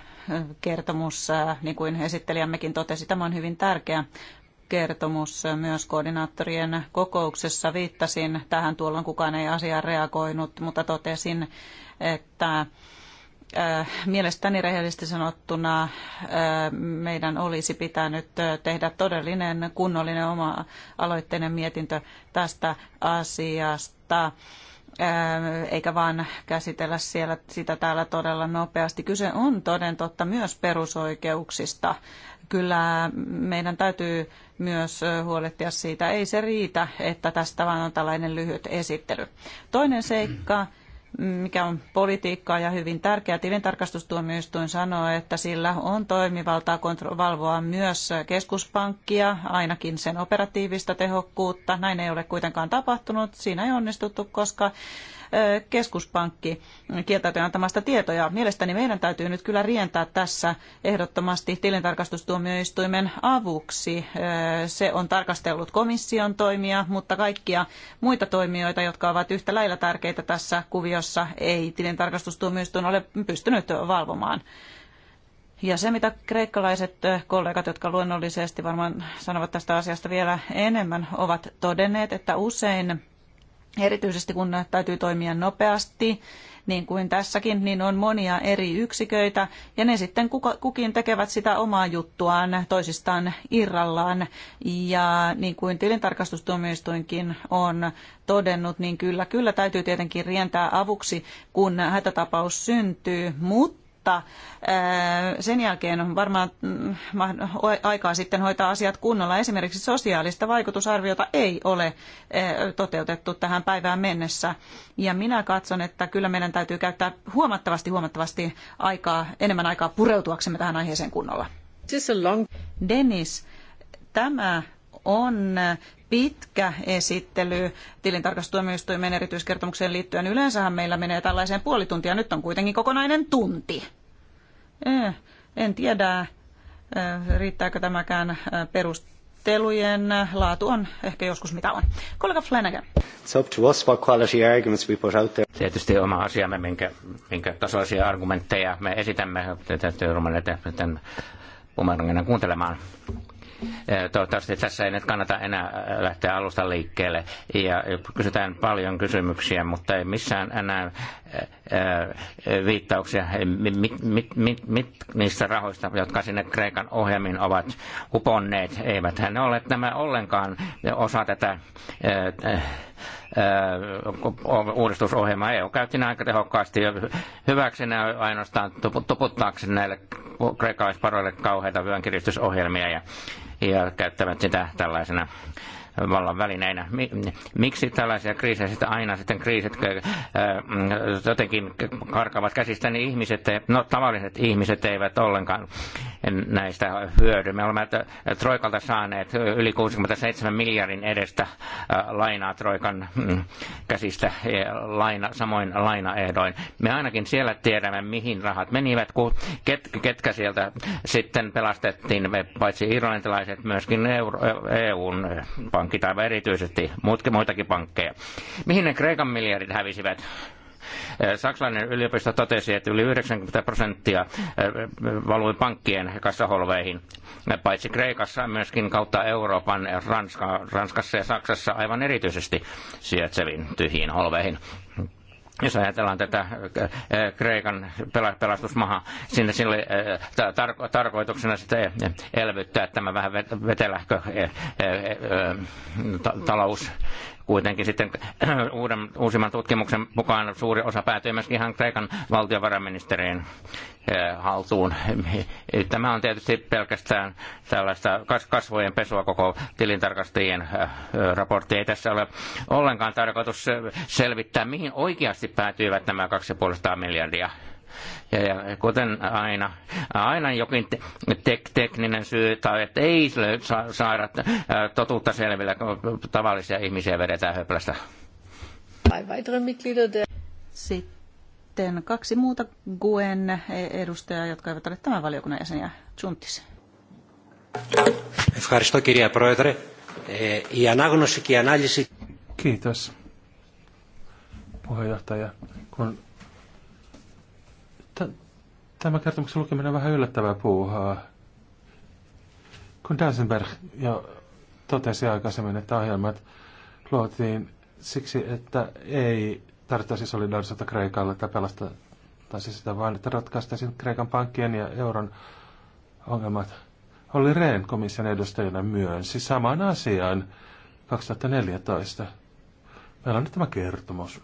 kertomus, äh, niin kuin esittelijämmekin totesi, tämä on hyvin tärkeä kertomus myös koordinaattorien kokouksessa. Viittasin tähän, tuolloin kukaan ei asiaan reagoinut, mutta totesin, että äh, mielestäni rehellisesti sanottuna meidän olisi pitänyt tehdä todellinen kunnollinen oma aloitteinen mietintö tästä asiasta. Ähm, eikä vaan käsitellä siellä, sitä täällä todella nopeasti. Kyse on toden totta myös perusoikeuksista. Kyllä meidän täytyy myös huolehtia siitä. Ei se riitä, että tästä vaan on tällainen lyhyt esittely. Toinen seikka, mm mikä on politiikkaa ja hyvin tärkeää. Tilintarkastustuomioistuin sanoo, että sillä on toimivaltaa valvoa myös keskuspankkia, ainakin sen operatiivista tehokkuutta. Näin ei ole kuitenkaan tapahtunut. Siinä ei onnistuttu, koska keskuspankki kieltäytyy antamasta tietoja. Mielestäni meidän täytyy nyt kyllä rientää tässä ehdottomasti tilintarkastustuomioistuimen avuksi. Se on tarkastellut komission toimia, mutta kaikkia muita toimijoita, jotka ovat yhtä lailla tärkeitä tässä kuviossa, ei tilintarkastustuomioistuin ole pystynyt valvomaan. Ja se, mitä kreikkalaiset kollegat, jotka luonnollisesti varmaan sanovat tästä asiasta vielä enemmän, ovat todenneet, että usein Erityisesti kun täytyy toimia nopeasti, niin kuin tässäkin, niin on monia eri yksiköitä ja ne sitten kukin tekevät sitä omaa juttuaan toisistaan irrallaan. Ja niin kuin tilintarkastustuomioistuinkin on todennut, niin kyllä, kyllä täytyy tietenkin rientää avuksi, kun hätätapaus syntyy, mutta mutta sen jälkeen on varmaan mm, aikaa sitten hoitaa asiat kunnolla. Esimerkiksi sosiaalista vaikutusarviota ei ole toteutettu tähän päivään mennessä. Ja minä katson, että kyllä meidän täytyy käyttää huomattavasti, huomattavasti aikaa, enemmän aikaa pureutuaksemme tähän aiheeseen kunnolla. Dennis, tämä on pitkä esittely tilintarkastustuomioistuimen erityiskertomukseen liittyen. Yleensähän meillä menee tällaiseen puoli tuntia, nyt on kuitenkin kokonainen tunti. Eh, en tiedä, eh, riittääkö tämäkään eh, perustelujen. Laatu on ehkä joskus mitä on. Kollega Flanagan. It's up to us what quality arguments we put out there. Tietysti oma asiamme, minkä, minkä tasoisia argumentteja me esitämme. Täytyy ruveta kuuntelemaan. Toivottavasti tässä ei nyt kannata enää lähteä alusta liikkeelle ja kysytään paljon kysymyksiä, mutta ei missään enää viittauksia mit, mit, mit, mit niistä rahoista, jotka sinne Kreikan ohjelmiin ovat uponneet. Eivät ne ole nämä ollenkaan osa tätä uudistusohjelmaa. EU käytti aika tehokkaasti hyväkseen ainoastaan tuputtaakseen näille kreikkalaisparoille kauheita vyönkiristysohjelmia ja ja käyttävät sitä tällaisena vallan välineinä. Miksi tällaisia kriisejä sitten aina sitten kriisit äh, äh, jotenkin karkavat käsistä, niin ihmiset, no tavalliset ihmiset eivät ollenkaan näistä hyödy. Me olemme Troikalta saaneet yli 67 miljardin edestä äh, lainaa Troikan mm, käsistä laina, samoin lainaehdoin. Me ainakin siellä tiedämme, mihin rahat menivät, kun ket, ketkä sieltä sitten pelastettiin, paitsi irlantilaiset, myöskin EU, EUn e pankki tai erityisesti muitakin pankkeja. Mihin ne Kreikan miljardit hävisivät? Äh, saksalainen yliopisto totesi, että yli 90 prosenttia äh, valui pankkien kassaholveihin, paitsi Kreikassa, myöskin kautta Euroopan, Ranska, Ranskassa ja Saksassa aivan erityisesti sijaitseviin tyhjiin holveihin jos ajatellaan tätä Kreikan pelastusmahaa, sinne sille tar- tarkoituksena sitä elvyttää tämä vähän vetelähkö talous Kuitenkin sitten äh, uuden, uusimman tutkimuksen mukaan suuri osa päätyi myöskin ihan Kreikan valtiovarainministeriin äh, haltuun. Tämä on tietysti pelkästään tällaista kasvojen pesua koko tilintarkastajien äh, raportti. Ei tässä ole ollenkaan tarkoitus selvittää, mihin oikeasti päätyivät nämä 2,5 miljardia ja, ja kuten aina, aina jokin te, te, tekninen syy tai että ei sa, saada äh, totuutta selville, kun tavallisia ihmisiä vedetään höplästä. Sitten kaksi muuta Guen edustajaa, jotka eivät ole tämän valiokunnan jäseniä. Tsuntis. Kiitos, puheenjohtaja. Kun Tämä kertomuksen lukeminen on vähän yllättävää puuhaa. Kun Dansenberg jo totesi aikaisemmin, että ohjelmat luotiin siksi, että ei tarvitsisi solidarisuutta Kreikalle tai pelastaisi siis sitä, vaan että ratkaistaisiin Kreikan pankkien ja euron ongelmat. Oli Rehn komission edustajana myönsi saman asian 2014. Meillä on nyt tämä kertomus.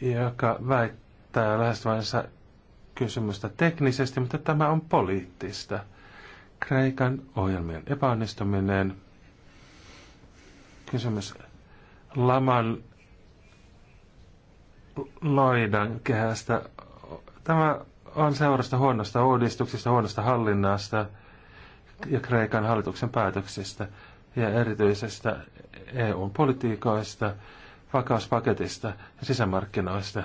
joka väittää lähestyvänsä kysymystä teknisesti, mutta tämä on poliittista. Kreikan ohjelmien epäonnistuminen, kysymys laman loidan kehästä. Tämä on seurasta huonosta uudistuksista, huonosta hallinnasta ja Kreikan hallituksen päätöksistä ja erityisestä eu politiikoista, vakauspaketista ja sisämarkkinoista.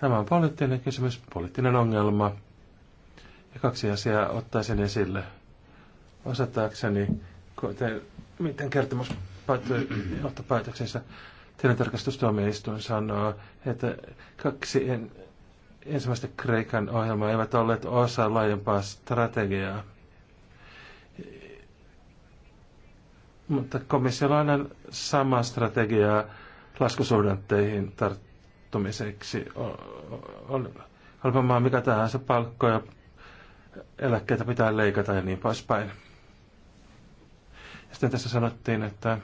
Tämä on poliittinen kysymys, poliittinen ongelma. Ja kaksi asiaa ottaisin esille Osataakseni, te, miten kertomus päättyy johtopäätöksensä. Tilintarkastustuomioistuin sanoo, että kaksi en, ensimmäistä Kreikan ohjelmaa eivät olleet osa laajempaa strategiaa. Mutta komissiolla on sama strategia laskusuhdanteihin tarttumiseksi. Olipa mikä tahansa palkkoja, eläkkeitä pitää leikata ja niin poispäin. Ja sitten tässä sanottiin, että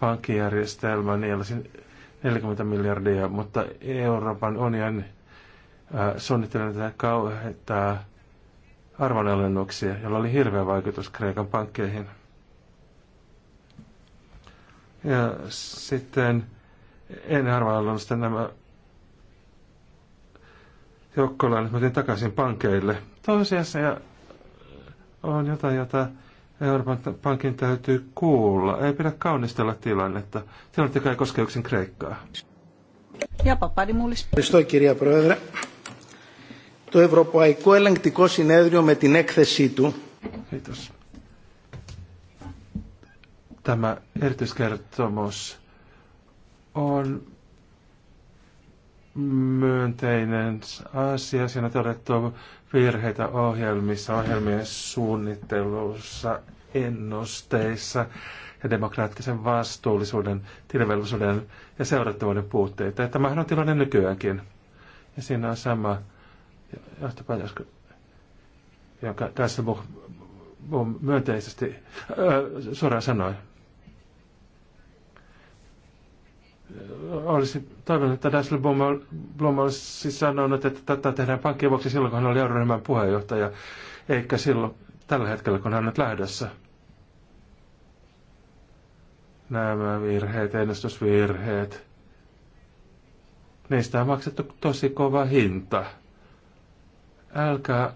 pankkijärjestelmä nielasi niin 40 miljardia, mutta Euroopan unioni äh, suunnittelee tätä kauheita arvonalennuksia, jolla oli hirveä vaikutus Kreikan pankkeihin. Ja sitten ennen arvonalennusta nämä joukkolainet otin takaisin pankeille. Tosiasiassa on jotain, jota Euroopan pankin täytyy kuulla. Ei pidä kaunistella tilannetta. Tilanne ei koske yksin Kreikkaa. Ja papadi mullis. Pistoi kirja Πρόεδρε το Ευρωπαϊκό Ελεγκτικό Συνέδριο με την έκθεσή του. Tämä erityiskertomus on myönteinen asia. Siinä todettu virheitä ohjelmissa, ohjelmien suunnittelussa, ennusteissa ja demokraattisen vastuullisuuden, tilvelvollisuuden ja seurattavuuden puutteita. tämähän on tilanne nykyäänkin. Ja siinä on sama johtopäätös, jonka tässä myönteisesti äh, suoraan sanoi. Olisi toivonut, että Blom olisi siis sanonut, että tätä tehdään pankkien vuoksi silloin, kun hän oli euroryhmän puheenjohtaja, eikä silloin tällä hetkellä, kun hän on nyt lähdössä. Nämä virheet, ennustusvirheet, niistä on maksettu tosi kova hinta. Älkää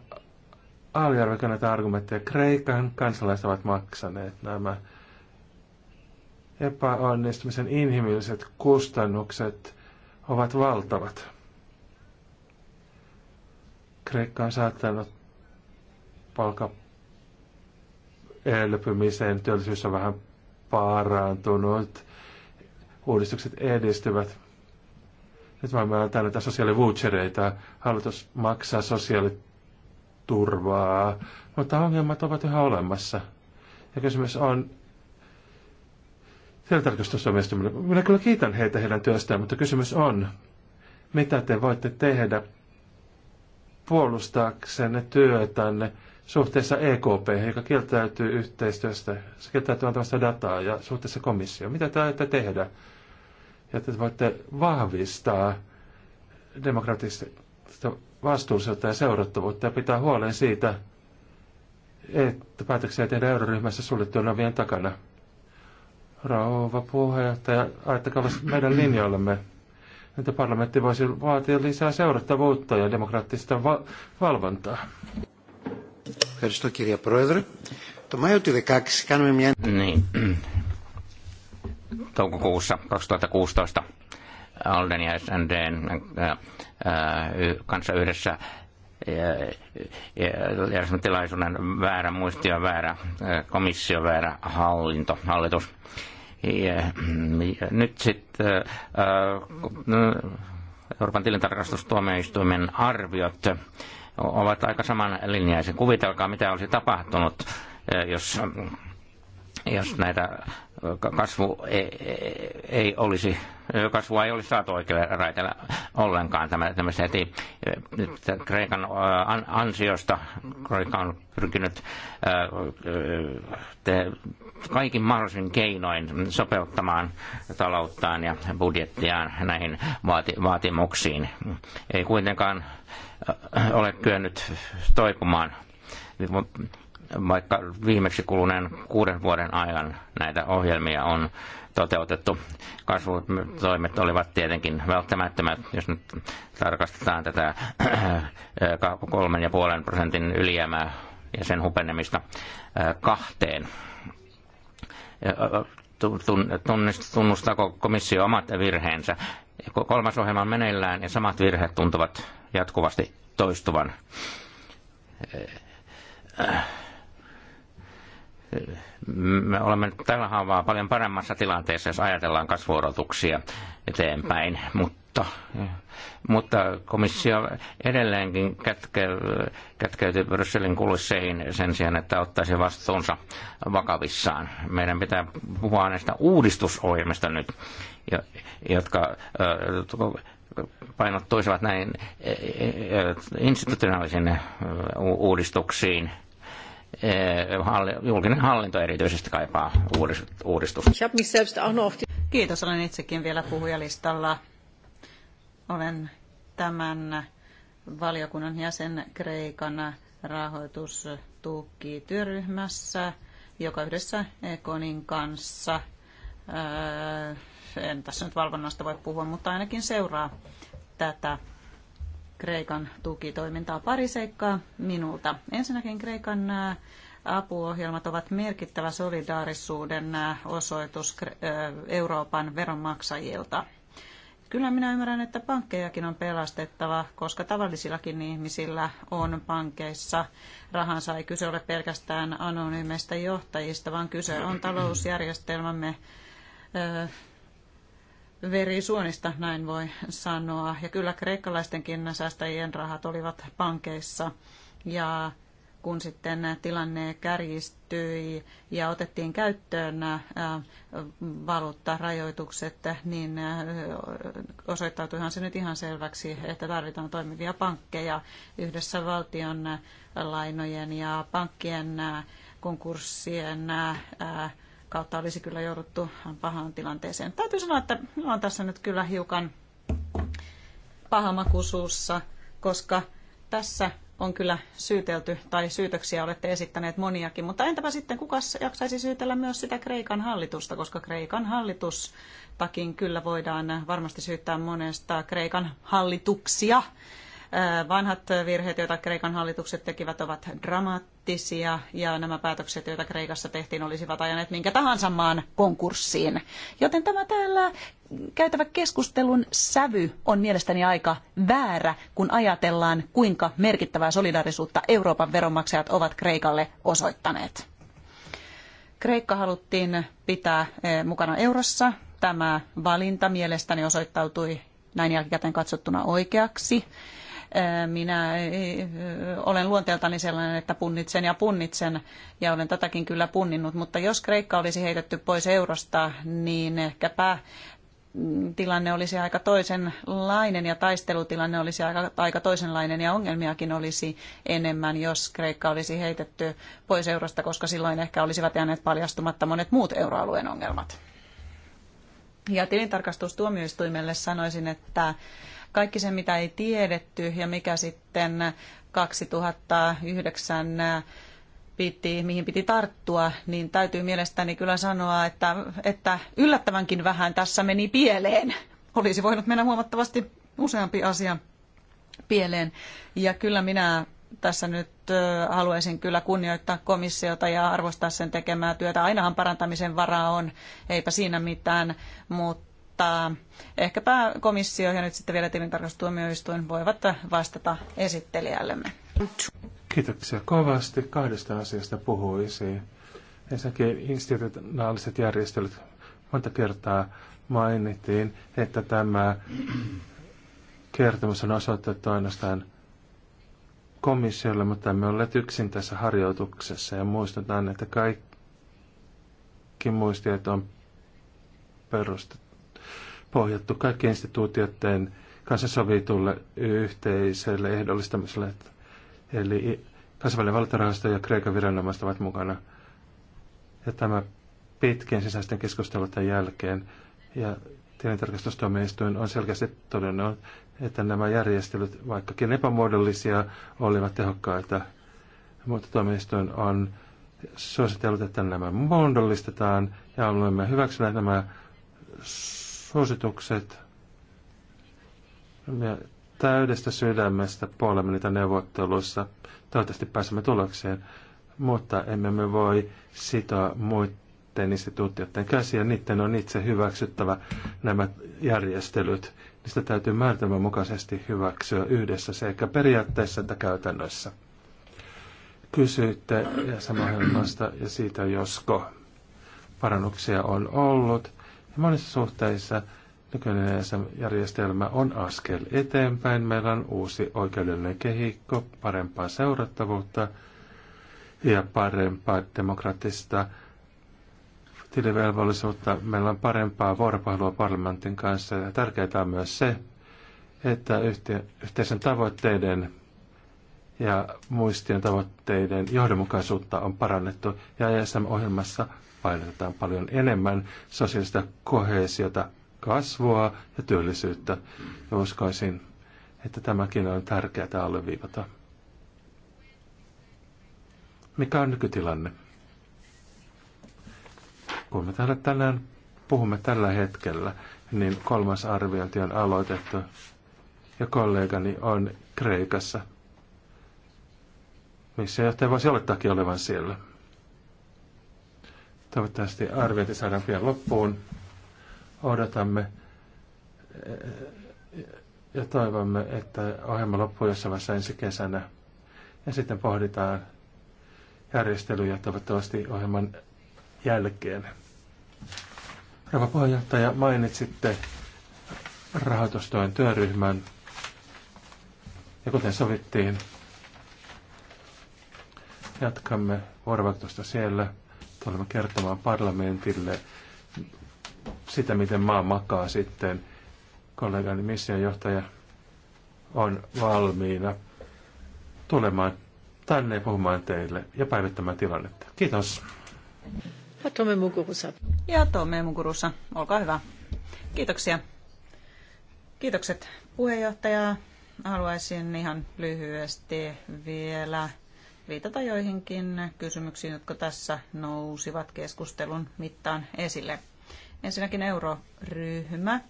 aliarvioiko näitä argumentteja. Kreikan kansalaiset ovat maksaneet nämä epäonnistumisen inhimilliset kustannukset ovat valtavat. Kreikka on saattanut palkka elpymiseen, työllisyys on vähän parantunut, uudistukset edistyvät. Nyt mä on näitä sosiaalivouchereita, hallitus maksaa sosiaaliturvaa, mutta ongelmat ovat yhä olemassa. Ja kysymys on, tilintarkastusomistuminen, minä kyllä kiitän heitä heidän työstään, mutta kysymys on, mitä te voitte tehdä puolustaaksenne työtänne suhteessa EKP, joka kieltäytyy yhteistyöstä, se kieltäytyy antamasta dataa ja suhteessa komissioon. Mitä te aiotte tehdä? ja te voitte vahvistaa demokratista vastuullisuutta ja seurattavuutta ja pitää huolen siitä, että päätöksiä tehdään euroryhmässä suljettujen ovien takana. Rauva puheenjohtaja, ajattakaa meidän linjoillamme, että parlamentti voisi vaatia lisää seurattavuutta ja demokraattista va- valvontaa. Kiitos, kirja Πρόεδρε. Το Μάιο του 2016 Niin, toukokuussa 2016 Alden ja SNDn äh, äh, kanssa yhdessä järjestämän tilaisuuden väärä muistio, väärä äh, komissio, väärä hallinto, hallitus. Ja, nyt sitten Euroopan tilintarkastustuomioistuimen arviot ovat aika linjaisen. Kuvitelkaa, mitä olisi tapahtunut, jos jos näitä kasvu ei, e- ei olisi, kasvua ei olisi saatu oikealle raiteelle ollenkaan tämä, heti Kreikan ansiosta. Kreikka on pyrkinyt te, kaikin mahdollisin keinoin sopeuttamaan talouttaan ja budjettiaan näihin vaati, vaatimuksiin. Ei kuitenkaan ole kyennyt toipumaan vaikka viimeksi kuluneen kuuden vuoden ajan näitä ohjelmia on toteutettu. Kasvutoimet olivat tietenkin välttämättömät, jos nyt tarkastetaan tätä kolmen ja puolen prosentin ylijäämää ja sen hupenemista äh, kahteen. Tunnustako komissio omat virheensä? Kolmas ohjelma on meneillään ja samat virheet tuntuvat jatkuvasti toistuvan. Äh, äh me olemme tällä haavaa paljon paremmassa tilanteessa, jos ajatellaan kasvuodotuksia eteenpäin, mutta, mutta komissio edelleenkin kätke, kätkeytyy Brysselin kulisseihin sen sijaan, että ottaisi vastuunsa vakavissaan. Meidän pitää puhua näistä uudistusohjelmista nyt, jotka painottuisivat näin institutionaalisiin uudistuksiin – Eh, julkinen hallinto erityisesti kaipaa uudistusta. Kiitos, olen itsekin vielä puhujalistalla. Olen tämän valiokunnan jäsen Kreikan työryhmässä joka yhdessä Ekonin kanssa, eh, en tässä nyt valvonnasta voi puhua, mutta ainakin seuraa tätä Kreikan tukitoimintaa. Pari seikkaa minulta. Ensinnäkin Kreikan apuohjelmat ovat merkittävä solidaarisuuden osoitus Euroopan veronmaksajilta. Kyllä minä ymmärrän, että pankkejakin on pelastettava, koska tavallisillakin ihmisillä on pankeissa rahansa. Ei kyse ole pelkästään anonyymeistä johtajista, vaan kyse on talousjärjestelmämme verisuonista, näin voi sanoa. Ja kyllä kreikkalaistenkin säästäjien rahat olivat pankeissa. Ja kun sitten tilanne kärjistyi ja otettiin käyttöön äh, valuuttarajoitukset, niin äh, osoittautuihan se nyt ihan selväksi, että tarvitaan toimivia pankkeja yhdessä valtion lainojen ja pankkien äh, konkurssien kautta olisi kyllä jouduttu pahaan tilanteeseen. Täytyy sanoa, että minulla on tässä nyt kyllä hiukan pahamakuisuussa, koska tässä on kyllä syytelty tai syytöksiä olette esittäneet moniakin, mutta entäpä sitten kuka jaksaisi syytellä myös sitä Kreikan hallitusta, koska Kreikan hallitus takin kyllä voidaan varmasti syyttää monesta Kreikan hallituksia Vanhat virheet, joita Kreikan hallitukset tekivät, ovat dramaattisia ja nämä päätökset, joita Kreikassa tehtiin, olisivat ajaneet minkä tahansa maan konkurssiin. Joten tämä täällä käytävä keskustelun sävy on mielestäni aika väärä, kun ajatellaan, kuinka merkittävää solidaarisuutta Euroopan veronmaksajat ovat Kreikalle osoittaneet. Kreikka haluttiin pitää mukana eurossa. Tämä valinta mielestäni osoittautui näin jälkikäteen katsottuna oikeaksi. Minä olen luonteeltani sellainen, että punnitsen ja punnitsen, ja olen tätäkin kyllä punninnut, mutta jos Kreikka olisi heitetty pois eurosta, niin ehkäpä mm, tilanne olisi aika toisenlainen ja taistelutilanne olisi aika, aika toisenlainen ja ongelmiakin olisi enemmän, jos Kreikka olisi heitetty pois eurosta, koska silloin ehkä olisivat jääneet paljastumatta monet muut euroalueen ongelmat. Ja tilintarkastustuomioistuimelle sanoisin, että kaikki se, mitä ei tiedetty ja mikä sitten 2009 piti, mihin piti tarttua, niin täytyy mielestäni kyllä sanoa, että, että yllättävänkin vähän tässä meni pieleen. Olisi voinut mennä huomattavasti useampi asia pieleen. Ja kyllä minä tässä nyt haluaisin kyllä kunnioittaa komissiota ja arvostaa sen tekemää työtä. Ainahan parantamisen varaa on, eipä siinä mitään, mutta mutta ehkäpä komissio ja nyt sitten vielä tilintarkastustuomioistuin voivat vastata esittelijällemme. Kiitoksia kovasti. Kahdesta asiasta puhuisi. Ensinnäkin institutionaaliset järjestelyt. Monta kertaa mainittiin, että tämä kertomus on osoitettu ainoastaan komissiolle, mutta me olemme yksin tässä harjoituksessa ja muistutan, että kaikki muistiet on perustettu pohjattu kaikkien instituutioiden kanssa sovitulle yhteiselle ehdollistamiselle. Eli kansainvälinen valtarahasto ja Kreikan viranomaiset ovat mukana. Ja tämä pitkien sisäisten keskustelujen jälkeen. Ja tilintarkastustuomioistuin on selkeästi todennut, että nämä järjestelyt, vaikkakin epämuodollisia, olivat tehokkaita. Mutta tuomioistuin on suositellut, että nämä muodollistetaan ja olemme hyväksyneet nämä suositukset. ja täydestä sydämestä puolemme niitä neuvotteluissa. Toivottavasti pääsemme tulokseen, mutta emme me voi sitoa muiden instituutioiden käsiä. Niiden on itse hyväksyttävä nämä järjestelyt. Niistä täytyy määritelmän mukaisesti hyväksyä yhdessä sekä periaatteessa että käytännössä. Kysyitte samanhelmasta ja siitä, josko parannuksia on ollut. Ja monissa suhteissa nykyinen e järjestelmä on askel eteenpäin. Meillä on uusi oikeudellinen kehikko, parempaa seurattavuutta ja parempaa demokratista tilivelvollisuutta. Meillä on parempaa vuoropuhelua parlamentin kanssa ja tärkeää on myös se, että yhteisen tavoitteiden ja muistien tavoitteiden johdonmukaisuutta on parannettu ja ESM-ohjelmassa painotetaan paljon enemmän sosiaalista kohesiota, kasvua ja työllisyyttä. Ja uskoisin, että tämäkin on tärkeää alleviivata. Mikä on nykytilanne? Kun me täällä tänään puhumme tällä hetkellä, niin kolmas arviointi on aloitettu ja kollegani on Kreikassa. Missä johtaja voisi olettaakin olevan siellä. Toivottavasti arviointi saadaan pian loppuun. Odotamme ja toivomme, että ohjelma loppuu jossain vaiheessa ensi kesänä. Ja sitten pohditaan järjestelyjä toivottavasti ohjelman jälkeen. Rava puheenjohtaja, mainitsitte rahoitustuen työryhmän. Ja kuten sovittiin, jatkamme vuorovaikutusta siellä tulemme kertomaan parlamentille sitä, miten maa makaa sitten. Kollegani johtaja on valmiina tulemaan tänne puhumaan teille ja päivittämään tilannetta. Kiitos. Ja Tome Mugurusa. Ja Tome Mugurusa, olkaa hyvä. Kiitoksia. Kiitokset puheenjohtaja. Haluaisin ihan lyhyesti vielä viitata joihinkin kysymyksiin, jotka tässä nousivat keskustelun mittaan esille. Ensinnäkin euroryhmä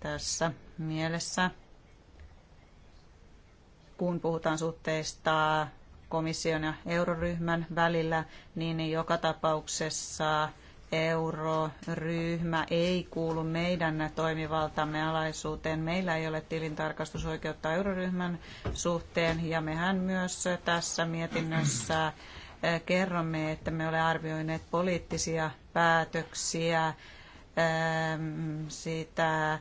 tässä mielessä, kun puhutaan suhteista komission ja euroryhmän välillä, niin joka tapauksessa euroryhmä ei kuulu meidän toimivaltamme alaisuuteen. Meillä ei ole tilintarkastusoikeutta euroryhmän suhteen ja mehän myös tässä mietinnössä kerromme, että me olemme arvioineet poliittisia päätöksiä ähm, sitä, äh,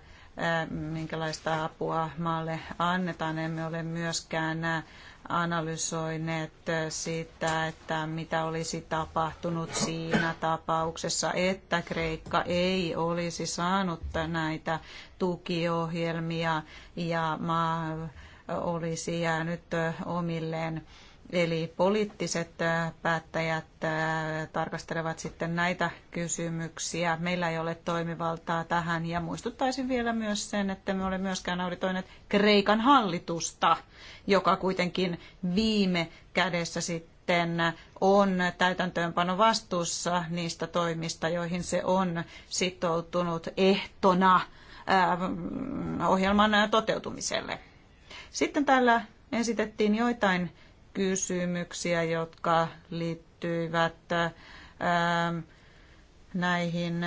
minkälaista apua maalle annetaan. Emme ole myöskään äh, analysoineet sitä, että mitä olisi tapahtunut siinä tapauksessa, että Kreikka ei olisi saanut näitä tukiohjelmia ja maa olisi jäänyt omilleen Eli poliittiset päättäjät tarkastelevat sitten näitä kysymyksiä. Meillä ei ole toimivaltaa tähän ja muistuttaisin vielä myös sen, että me olemme myöskään auditoineet Kreikan hallitusta, joka kuitenkin viime kädessä sitten on täytäntöönpano vastuussa niistä toimista, joihin se on sitoutunut ehtona ohjelman toteutumiselle. Sitten täällä esitettiin joitain kysymyksiä, jotka liittyivät ähm, näihin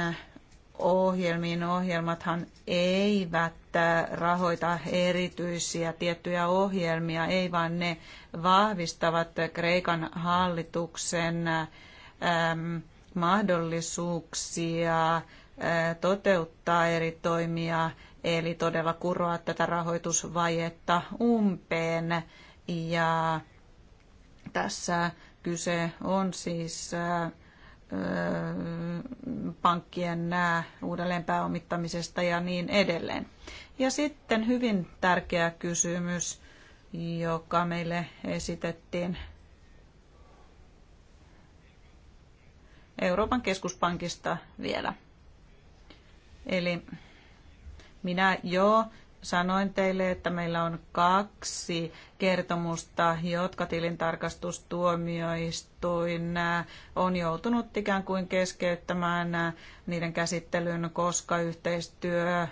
ohjelmiin. Ohjelmathan eivät äh, rahoita erityisiä tiettyjä ohjelmia, ei vaan ne vahvistavat Kreikan hallituksen ähm, mahdollisuuksia äh, toteuttaa eri toimia, eli todella kuroa tätä rahoitusvajetta umpeen ja tässä kyse on siis pankkien nää uudelleenpääomittamisesta ja niin edelleen. Ja sitten hyvin tärkeä kysymys, joka meille esitettiin Euroopan keskuspankista vielä. Eli minä jo sanoin teille, että meillä on kaksi kertomusta, jotka tilintarkastustuomioistuin äh, on joutunut ikään kuin keskeyttämään äh, niiden käsittelyn, koska yhteistyö äh,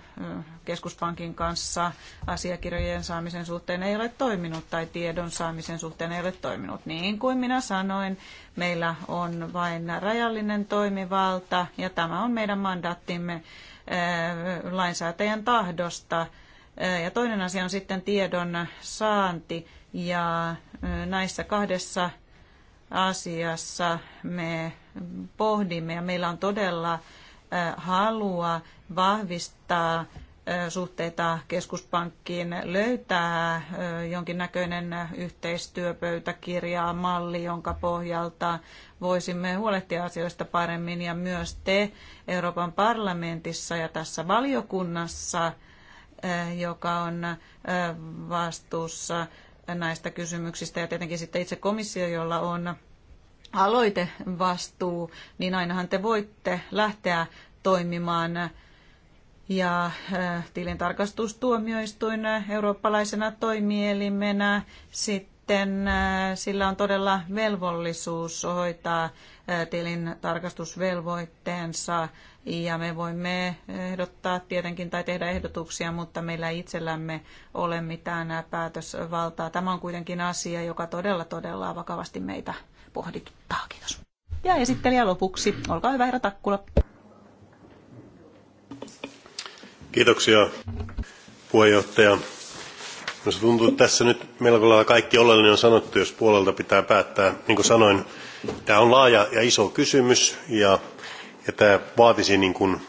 keskuspankin kanssa asiakirjojen saamisen suhteen ei ole toiminut tai tiedon saamisen suhteen ei ole toiminut. Niin kuin minä sanoin, meillä on vain rajallinen toimivalta ja tämä on meidän mandaattimme lainsäätäjän tahdosta ja toinen asia on sitten tiedon saanti ja näissä kahdessa asiassa me pohdimme ja meillä on todella halua vahvistaa suhteita keskuspankkiin, löytää jonkinnäköinen yhteistyöpöytäkirja, malli, jonka pohjalta voisimme huolehtia asioista paremmin ja myös te Euroopan parlamentissa ja tässä valiokunnassa – joka on vastuussa näistä kysymyksistä ja tietenkin sitten itse komissio, jolla on aloite vastuu, niin ainahan te voitte lähteä toimimaan ja tilintarkastustuomioistuin eurooppalaisena toimielimenä sitten sillä on todella velvollisuus hoitaa tilintarkastusvelvoitteensa ja me voimme ehdottaa tietenkin tai tehdä ehdotuksia, mutta meillä ei itsellämme ole mitään päätösvaltaa. Tämä on kuitenkin asia, joka todella todella vakavasti meitä pohdituttaa. Kiitos. Ja esittelijä lopuksi. Olkaa hyvä, herra Takkula. Kiitoksia, puheenjohtaja. No, se tuntuu, että tässä nyt melko lailla kaikki oleellinen on sanottu, jos puolelta pitää päättää. Niin kuin sanoin, tämä on laaja ja iso kysymys ja ja tämä vaatisi niin kuin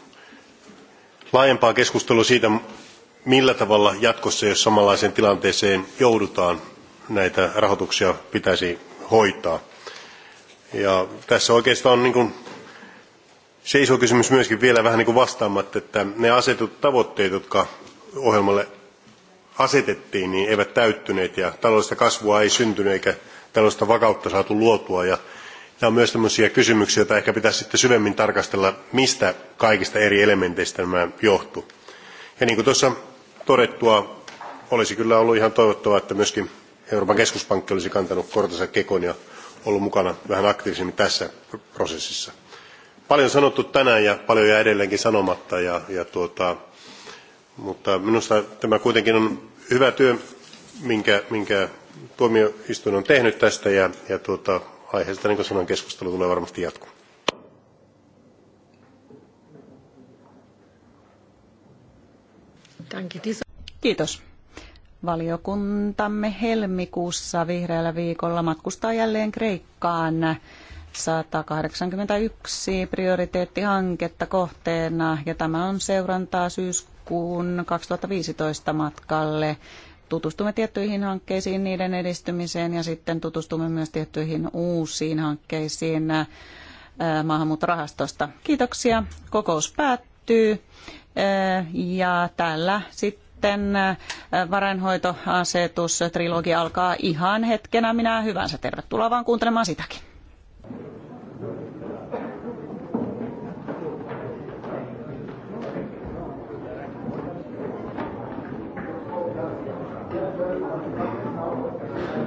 laajempaa keskustelua siitä, millä tavalla jatkossa, jos samanlaiseen tilanteeseen joudutaan, näitä rahoituksia pitäisi hoitaa. Ja tässä oikeastaan on niin kuin se iso kysymys myöskin vielä vähän niin kuin vastaamatta, että ne asetut tavoitteet, jotka ohjelmalle asetettiin, niin eivät täyttyneet ja taloudellista kasvua ei syntynyt eikä taloudellista vakautta saatu luotua. Ja nämä on myös sellaisia kysymyksiä, joita ehkä pitäisi sitten syvemmin tarkastella, mistä kaikista eri elementeistä nämä johtuu. Ja niin kuin tuossa todettua, olisi kyllä ollut ihan toivottavaa, että myöskin Euroopan keskuspankki olisi kantanut kortensa kekon ja ollut mukana vähän aktiivisemmin tässä prosessissa. Paljon sanottu tänään ja paljon jää edelleenkin sanomatta, ja, ja tuota, mutta minusta tämä kuitenkin on hyvä työ, minkä, minkä tuomioistuin on tehnyt tästä ja, ja tuota, aiheesta, niin kuin sanoin, keskustelu tulee varmasti jatkumaan. Kiitos. Valiokuntamme helmikuussa vihreällä viikolla matkustaa jälleen Kreikkaan. 181 prioriteettihanketta kohteena ja tämä on seurantaa syyskuun 2015 matkalle tutustumme tiettyihin hankkeisiin, niiden edistymiseen ja sitten tutustumme myös tiettyihin uusiin hankkeisiin äh, maahanmuuttorahastosta. Kiitoksia. Kokous päättyy äh, ja tällä sitten äh, varainhoitoasetus trilogi alkaa ihan hetkenä minä hyvänsä. Tervetuloa vaan kuuntelemaan sitäkin.